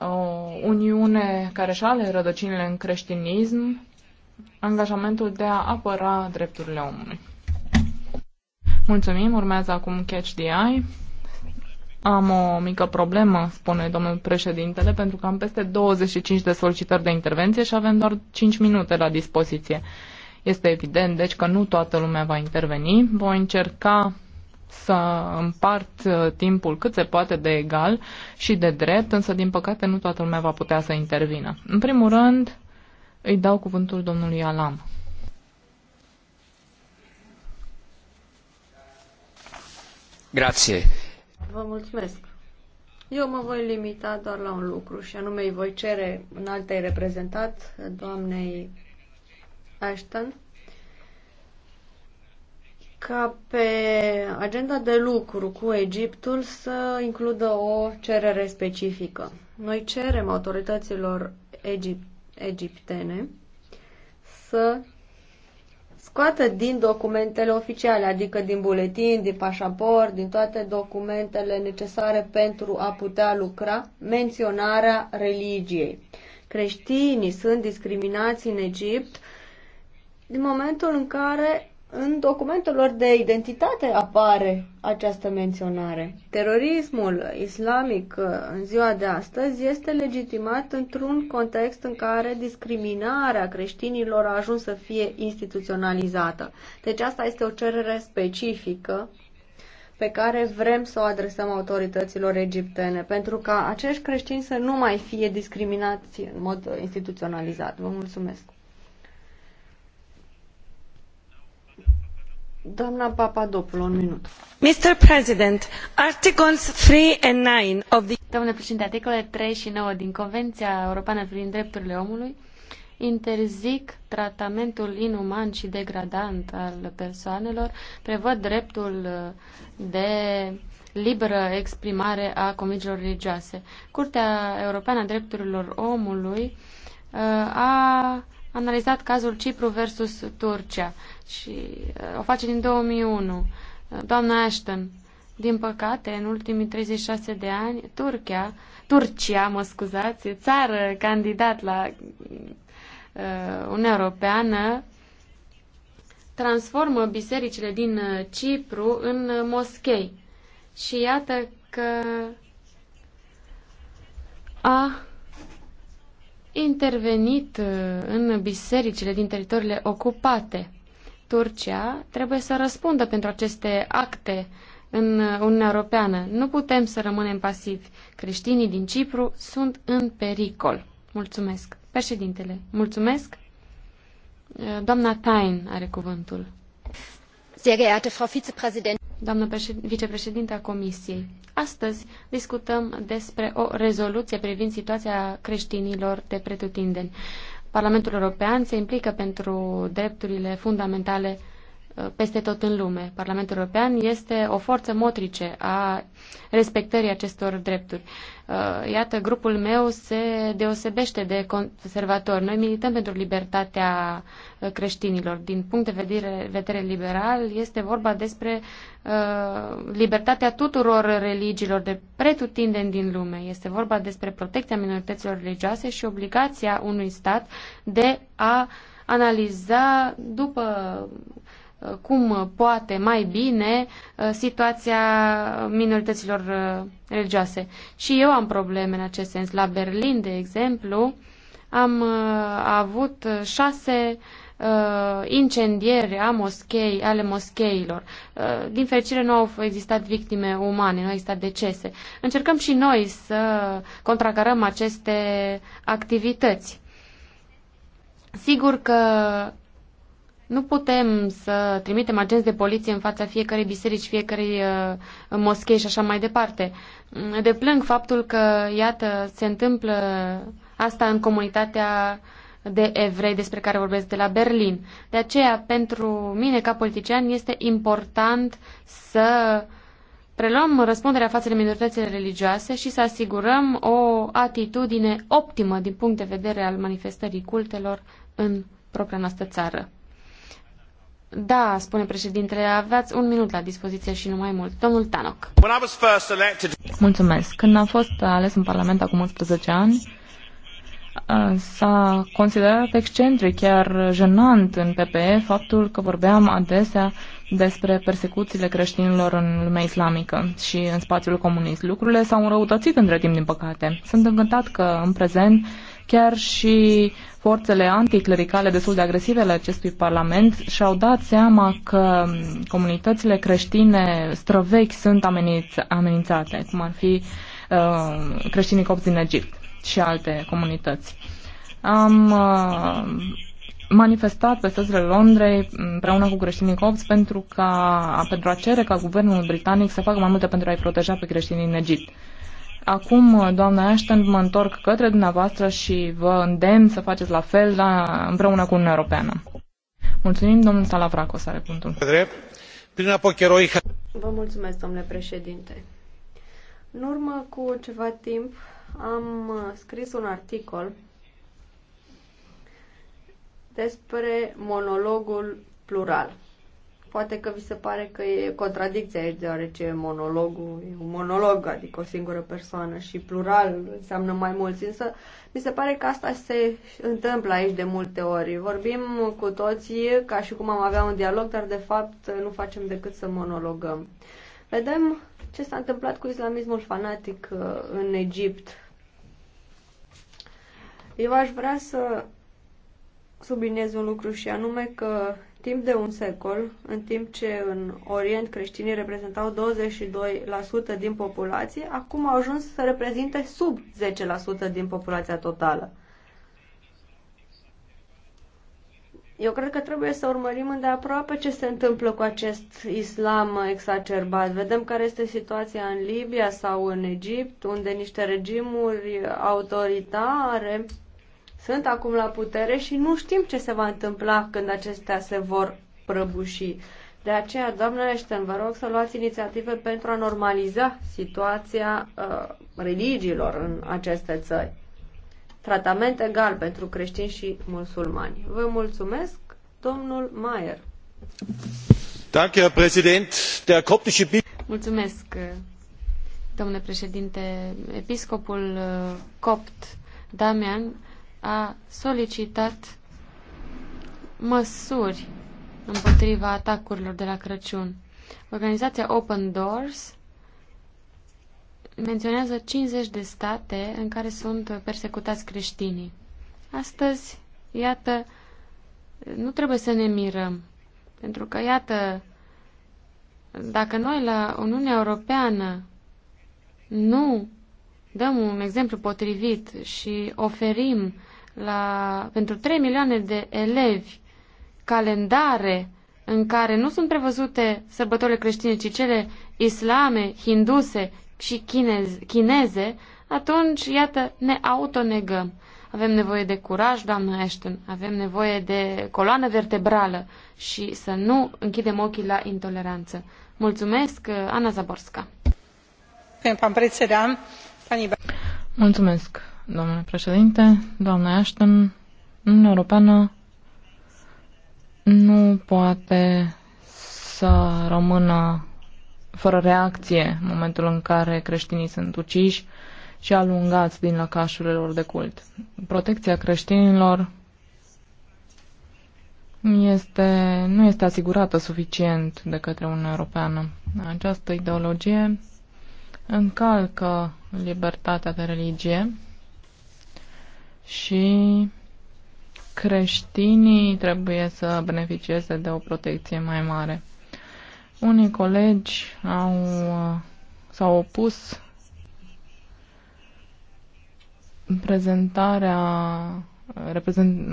o Uniune care și are rădăcinile în creștinism, angajamentul de a apăra drepturile omului. Mulțumim, urmează acum Catch the Eye. Am o mică problemă, spune domnul președintele, pentru că am peste 25 de solicitări de intervenție și avem doar 5 minute la dispoziție. Este evident, deci, că nu toată lumea va interveni. Voi încerca să împart uh, timpul cât se poate de egal și de drept, însă, din păcate, nu toată lumea va putea să intervină. În primul rând, îi dau cuvântul domnului Alam. Grație. Vă mulțumesc. Eu mă voi limita doar la un lucru și anume îi voi cere în altei reprezentat doamnei Ashton ca pe agenda de lucru cu Egiptul să includă o cerere specifică. Noi cerem autorităților egip- egiptene să scoată din documentele oficiale, adică din buletin, din pașaport, din toate documentele necesare pentru a putea lucra, menționarea religiei. Creștinii sunt discriminați în Egipt din momentul în care în documentelor de identitate apare această menționare. Terorismul islamic uh, în ziua de astăzi este legitimat într-un context în care discriminarea creștinilor a ajuns să fie instituționalizată. Deci asta este o cerere specifică pe care vrem să o adresăm autorităților egiptene, pentru ca acești creștini să nu mai fie discriminați în mod instituționalizat. Vă mulțumesc! Mr. President, Articles 3 and 9 of the... Domnule președinte, articolele 3 și 9 din Convenția Europeană privind drepturile omului interzic tratamentul inuman și degradant al persoanelor, prevăd dreptul uh, de liberă exprimare a convingerilor religioase. Curtea Europeană a Drepturilor Omului uh, a analizat cazul Cipru versus Turcia și uh, o face din 2001. Uh, doamna Ashton, din păcate, în ultimii 36 de ani, Turcia, Turcia, mă scuzați, țară candidat la uh, Uniunea Europeană, transformă bisericile din uh, Cipru în moschei. Și iată că a intervenit în bisericile din teritoriile ocupate. Turcia trebuie să răspundă pentru aceste acte în Uniunea Europeană. Nu putem să rămânem pasivi. Creștinii din Cipru sunt în pericol. Mulțumesc. Președintele, mulțumesc. Doamna Tain are cuvântul. Sehr geehrte Frau Vizepräsidentin. Doamnă vicepreședinte a Comisiei, astăzi discutăm despre o rezoluție privind situația creștinilor de pretutindeni. Parlamentul European se implică pentru drepturile fundamentale Uh, peste tot în lume. Parlamentul European este o forță motrice a respectării acestor drepturi. Uh, iată, grupul meu se deosebește de conservator. Noi milităm pentru libertatea uh, creștinilor. Din punct de vedere, vedere liberal, este vorba despre libertatea tuturor religiilor de pretutindeni din lume. Este vorba despre protecția minorităților religioase și obligația unui stat de a analiza după Uh, cum poate mai bine uh, situația minorităților uh, religioase. Și eu am probleme în acest sens. La Berlin, de exemplu, am avut șase incendieri a moschei, ale moscheilor. Din fericire nu au existat victime umane, nu au existat decese. Încercăm și noi să contracarăm aceste activități. Sigur că nu putem să trimitem agenți de poliție în fața fiecarei biserici, fiecarei uh, moschei și așa mai departe. Mm, Deplâng faptul că, iată, se întâmplă asta în comunitatea de evrei despre care vorbesc de la Berlin. De aceea, pentru mine, ca politician, este important să preluăm răspunderea față de minoritățile religioase și să asigurăm o atitudine optimă din punct de vedere al manifestării cultelor în propria noastră țară. Da, spune președintele, aveați un minut la dispoziție și nu mai mult. Domnul Tanoc. Mulțumesc. Când am fost ales în Parlament acum 11 ani, uh, s-a considerat excentric, chiar jenant în PPE faptul că vorbeam adesea despre persecuțiile creștinilor în lumea islamică și în spațiul comunist. Lucrurile s-au înrăutățit între timp, din păcate. Sunt încântat că în prezent Chiar și forțele anticlericale destul de agresive ale acestui parlament și-au dat seama că comunitățile creștine străvechi sunt ameninț- amenințate, cum ar fi uh, creștinii copți din Egipt și alte comunități. Am uh, manifestat pe străzile Londrei împreună cu creștinii copți pentru, ca, pentru a cere ca guvernul britanic să facă mai multe pentru a-i proteja pe creștinii în Egipt. Uh, Acum, doamna Ashton, mă întorc către dumneavoastră și vă îndemn să faceți la fel la, da, împreună cu Uniunea Europeană. Mulțumim, domnul Salavracos, are cuvântul. Vă mulțumesc, domnule președinte. În urmă cu ceva timp am scris un articol despre monologul plural. Poate că vi se pare că e contradicție aici, deoarece monologul e un monolog, adică o singură persoană și plural înseamnă mai mulți, însă mi se pare că asta se întâmplă aici de multe ori. Vorbim cu toții ca și cum am avea un dialog, dar de fapt nu facem decât să monologăm. Vedem ce s-a întâmplat cu islamismul fanatic uh, în Egipt. Eu aș vrea să subliniez un lucru și anume că timp de un secol, în timp ce în Orient creștinii reprezentau 22% din populație, acum au ajuns să reprezinte sub 10% din populația totală. Eu cred că trebuie să urmărim îndeaproape ce se întâmplă cu acest islam exacerbat. Vedem care este situația în Libia sau în Egipt, unde niște regimuri autoritare sunt acum la putere și nu știm ce se va întâmpla când acestea se vor prăbuși. De aceea, doamnă Ashton, vă rog să luați inițiative pentru a normaliza situația uh, religiilor în aceste țări. Tratament egal pentru creștini și musulmani. Vă mulțumesc, domnul Mayer. Danke, Herr Präsident. Der koptische Mulțumesc, domnule președinte. Episcopul uh, copt Damian a solicitat măsuri împotriva atacurilor de la Crăciun. Organizația Open Doors menționează 50 de state în care sunt persecutați creștinii. Astăzi, iată, nu trebuie să ne mirăm, pentru că, iată, dacă noi la Uniunea Europeană nu dăm un exemplu potrivit și oferim la, pentru 3 milioane de elevi calendare în care nu sunt prevăzute sărbătorile creștine, ci cele islame, hinduse și chineze, chineze atunci, iată, ne autonegăm. Avem nevoie de curaj, doamnă Ashton, avem nevoie de coloană vertebrală și să nu închidem ochii la intoleranță. Mulțumesc, Ana Zaborska. Mulțumesc domnule președinte, doamna Ashton, Uniunea Europeană nu poate să rămână fără reacție în momentul în care creștinii sunt uciși și alungați din lăcașurile lor de cult. Protecția creștinilor este, nu este asigurată suficient de către Uniunea Europeană. Această ideologie încalcă libertatea de religie și creștinii trebuie să beneficieze de o protecție mai mare. Unii colegi au, s-au opus prezentarea reprezent,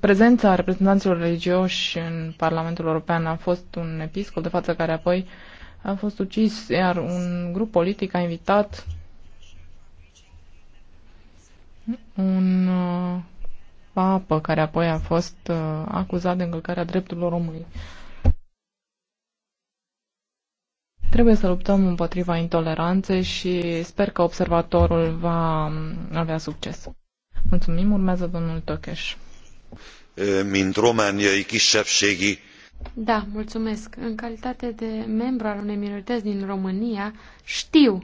prezența reprezentanților religioși în Parlamentul European a fost un episcop de față care apoi a fost ucis, iar un grup politic a invitat un uh, papă care apoi a fost uh, acuzat de încălcarea drepturilor omului. Trebuie să luptăm împotriva intoleranței și sper că observatorul va um, avea succes. Mulțumim, urmează domnul Tokes. Mint romániai kisebbségi da, mulțumesc. În calitate de membru al unei minorități din România, știu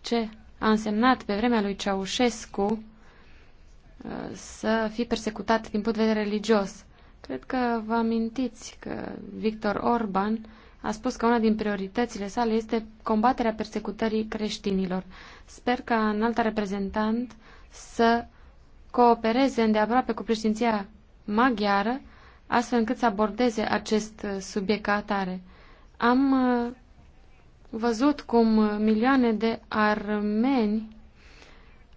ce a însemnat pe vremea lui Ceaușescu uh, să fie persecutat din punct de vedere religios. Cred că vă amintiți că Victor Orban a spus că una din prioritățile sale este combaterea persecutării creștinilor. Sper ca alta reprezentant să coopereze îndeaproape cu președinția maghiară, astfel încât să abordeze acest subiect ca atare. Am uh, văzut cum milioane de armeni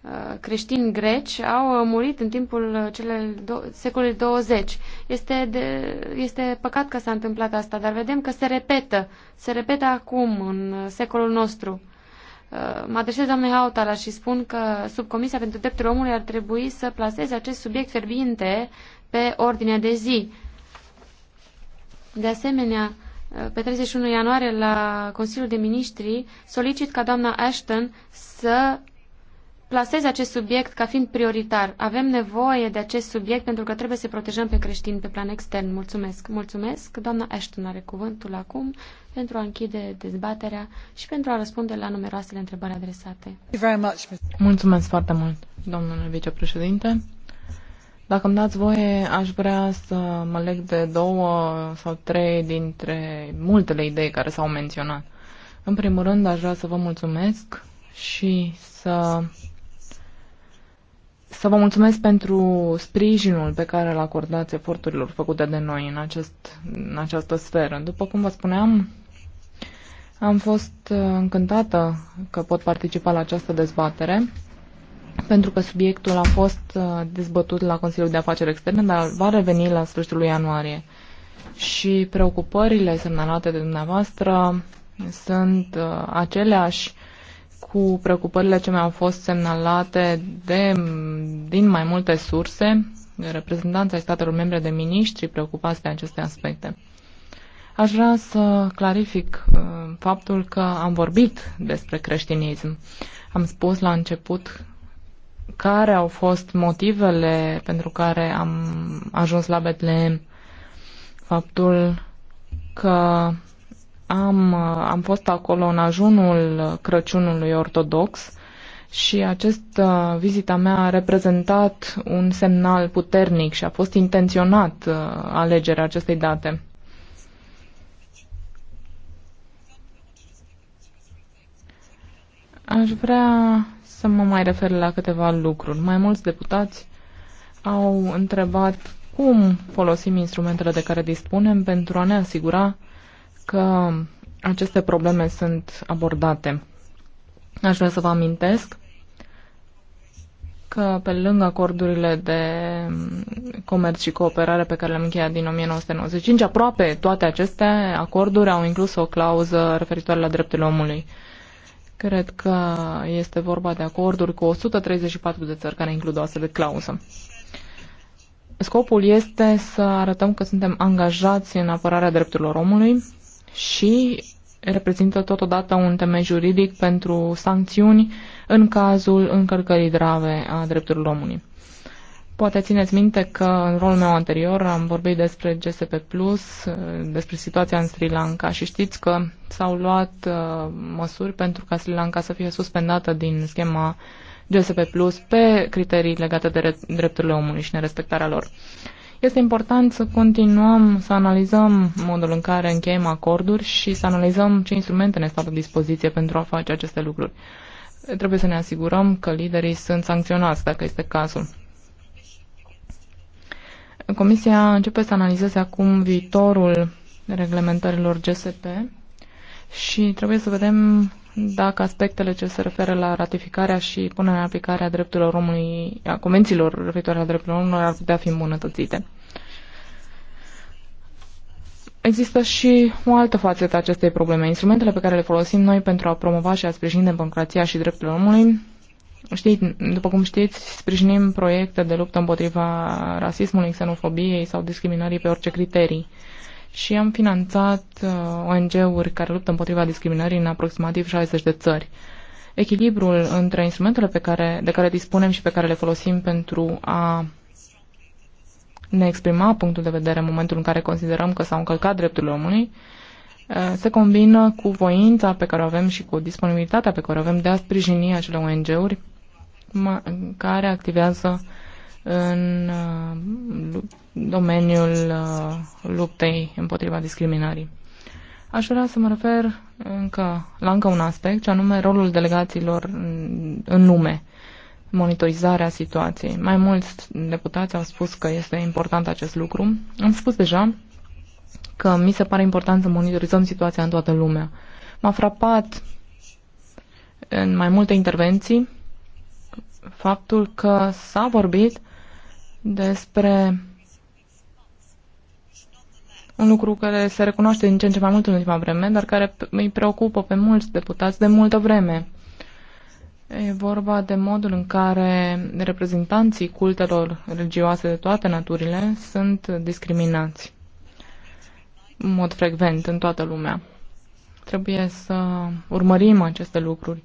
uh, creștini greci au murit în timpul secolului 20. Este, de, este păcat că s-a întâmplat asta, dar vedem că se repetă, se repetă acum, în secolul nostru. Uh, mă adresez doamnei Hautala și spun că subcomisia pentru drepturile omului ar trebui să placeze acest subiect fierbinte pe ordinea de zi. De asemenea, pe 31 ianuarie la Consiliul de Ministri, solicit ca doamna Ashton să plaseze acest subiect ca fiind prioritar. Avem nevoie de acest subiect pentru că trebuie să protejăm pe creștini pe plan extern. Mulțumesc! Mulțumesc! Doamna Ashton are cuvântul acum pentru a închide dezbaterea și pentru a răspunde la numeroasele întrebări adresate. Mulțumesc foarte mult, domnule vicepreședinte. Dacă îmi dați voie, aș vrea să mă leg de două sau trei dintre multele idei care s-au menționat. În primul rând, aș vrea să vă mulțumesc și să, să vă mulțumesc pentru sprijinul pe care îl acordați eforturilor făcute de noi în, acest, în această sferă. După cum vă spuneam, am fost încântată că pot participa la această dezbatere pentru că subiectul a fost uh, dezbătut la Consiliul de Afaceri Externe, dar va reveni la sfârșitul ianuarie. Și preocupările semnalate de dumneavoastră sunt uh, aceleași cu preocupările ce mi-au fost semnalate de, din mai multe surse, reprezentanța ai statelor membre de miniștri preocupați de aceste aspecte. Aș vrea să clarific uh, faptul că am vorbit despre creștinism. Am spus la început care au fost motivele pentru care am ajuns la Betlehem. Faptul că am, am fost acolo în ajunul Crăciunului Ortodox și această vizita mea a reprezentat un semnal puternic și a fost intenționat uh, alegerea acestei date. Aș vrea să mă mai refer la câteva lucruri. Mai mulți deputați au întrebat cum folosim instrumentele de care dispunem pentru a ne asigura că aceste probleme sunt abordate. Aș vrea să vă amintesc că pe lângă acordurile de comerț și cooperare pe care le-am încheiat din 1995, aproape toate aceste acorduri au inclus o clauză referitoare la drepturile omului. Cred că este vorba de acorduri cu 134 de țări care includ o astfel de clauză. Scopul este să arătăm că suntem angajați în apărarea drepturilor omului și reprezintă totodată un temei juridic pentru sancțiuni în cazul încălcării grave a drepturilor omului. Poate țineți minte că în rolul meu anterior am vorbit despre GSP Plus, despre situația în Sri Lanka și știți că s-au luat uh, măsuri pentru ca Sri Lanka să fie suspendată din schema GSP Plus pe criterii legate de drepturile omului și nerespectarea lor. Este important să continuăm să analizăm modul în care încheiem acorduri și să analizăm ce instrumente ne stau la dispoziție pentru a face aceste lucruri. Trebuie să ne asigurăm că liderii sunt sancționați dacă este cazul Comisia începe să analizeze acum viitorul reglementărilor GSP și trebuie să vedem dacă aspectele ce se referă la ratificarea și punerea în aplicare a drepturilor omului, a convențiilor referitoare la drepturile omului ar putea fi îmbunătățite. Există și o altă față a acestei probleme. Instrumentele pe care le folosim noi pentru a promova și a sprijini democrația și drepturile omului Știi, după cum știți, sprijinim proiecte de luptă împotriva rasismului, xenofobiei sau discriminării pe orice criterii. Și am finanțat uh, ONG-uri care luptă împotriva discriminării în aproximativ 60 de țări. Echilibrul între instrumentele pe care, de care dispunem și pe care le folosim pentru a ne exprima punctul de vedere în momentul în care considerăm că s-au încălcat drepturile omului, uh, se combină cu voința pe care o avem și cu disponibilitatea pe care o avem de a sprijini acele ONG-uri care activează în uh, domeniul uh, luptei împotriva discriminării. Aș vrea să mă refer încă, la încă un aspect, ce anume rolul delegațiilor în lume, monitorizarea situației. Mai mulți deputați au spus că este important acest lucru. Am spus deja că mi se pare important să monitorizăm situația în toată lumea. M-a frapat în mai multe intervenții faptul că s-a vorbit despre un lucru care se recunoaște din ce în ce mai mult în ultima vreme, dar care îi preocupă pe mulți deputați de multă vreme. E vorba de modul în care reprezentanții cultelor religioase de toate naturile sunt discriminați în mod frecvent în toată lumea. Trebuie să urmărim aceste lucruri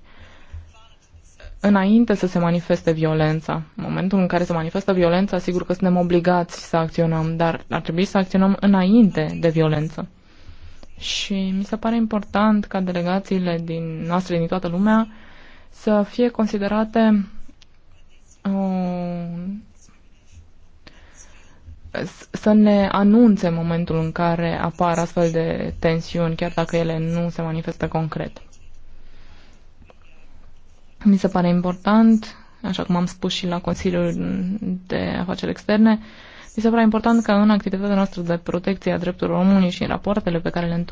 înainte să se manifeste violența. În momentul în care se manifestă violența, sigur că suntem obligați să acționăm, dar ar trebui să acționăm înainte de violență. Și mi se pare important ca delegațiile din noastre din toată lumea să fie considerate uh, să ne anunțe momentul în care apar astfel de tensiuni, chiar dacă ele nu se manifestă concret. Mi se pare important, așa cum am spus și la Consiliul de Afaceri Externe, mi se pare important ca în activitatea noastră de protecție a drepturilor omului și în rapoartele pe care le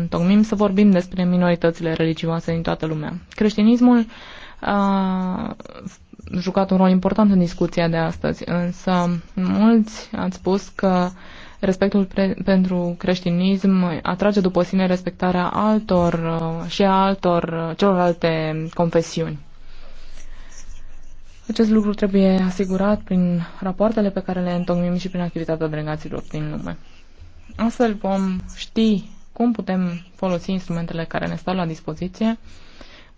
întocmim să vorbim despre minoritățile religioase din toată lumea. Creștinismul a jucat un rol important în discuția de astăzi, însă mulți ați spus că respectul pre- pentru creștinism atrage după sine respectarea altor uh, și a altor uh, celorlalte confesiuni. Acest lucru trebuie asigurat prin rapoartele pe care le întocmim și prin activitatea delegațiilor din lume. Astfel vom ști cum putem folosi instrumentele care ne stau la dispoziție,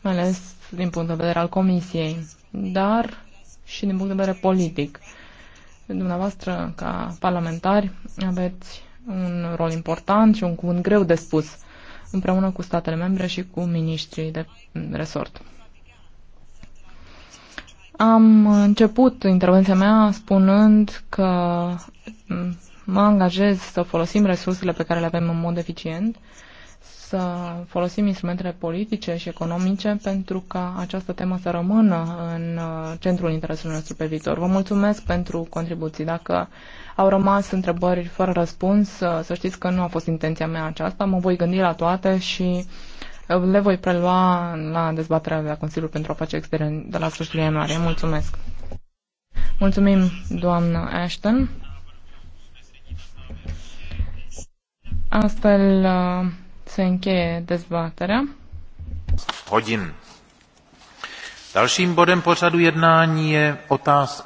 mai ales din punct de vedere al Comisiei, dar și din punct de vedere politic. Dumneavoastră, ca parlamentari, aveți un rol important și un cuvânt greu de spus împreună cu statele membre și cu miniștrii de resort. Am început intervenția mea spunând că mă angajez să folosim resursele pe care le avem în mod eficient, să folosim instrumentele politice și economice pentru ca această temă să rămână în uh, centrul interesului nostru pe viitor. Vă mulțumesc pentru contribuții. Dacă au rămas întrebări fără răspuns, uh, să știți că nu a fost intenția mea aceasta. Mă voi gândi la toate și le voi prelua la dezbaterea de la Consiliul pentru Afaceri Externe de la sfârșitul ianuarie. Mulțumesc! Mulțumim, doamnă Ashton. Astfel uh, se încheie dezbaterea. Hodin. Dalším bodem pořadu jednání je otázka.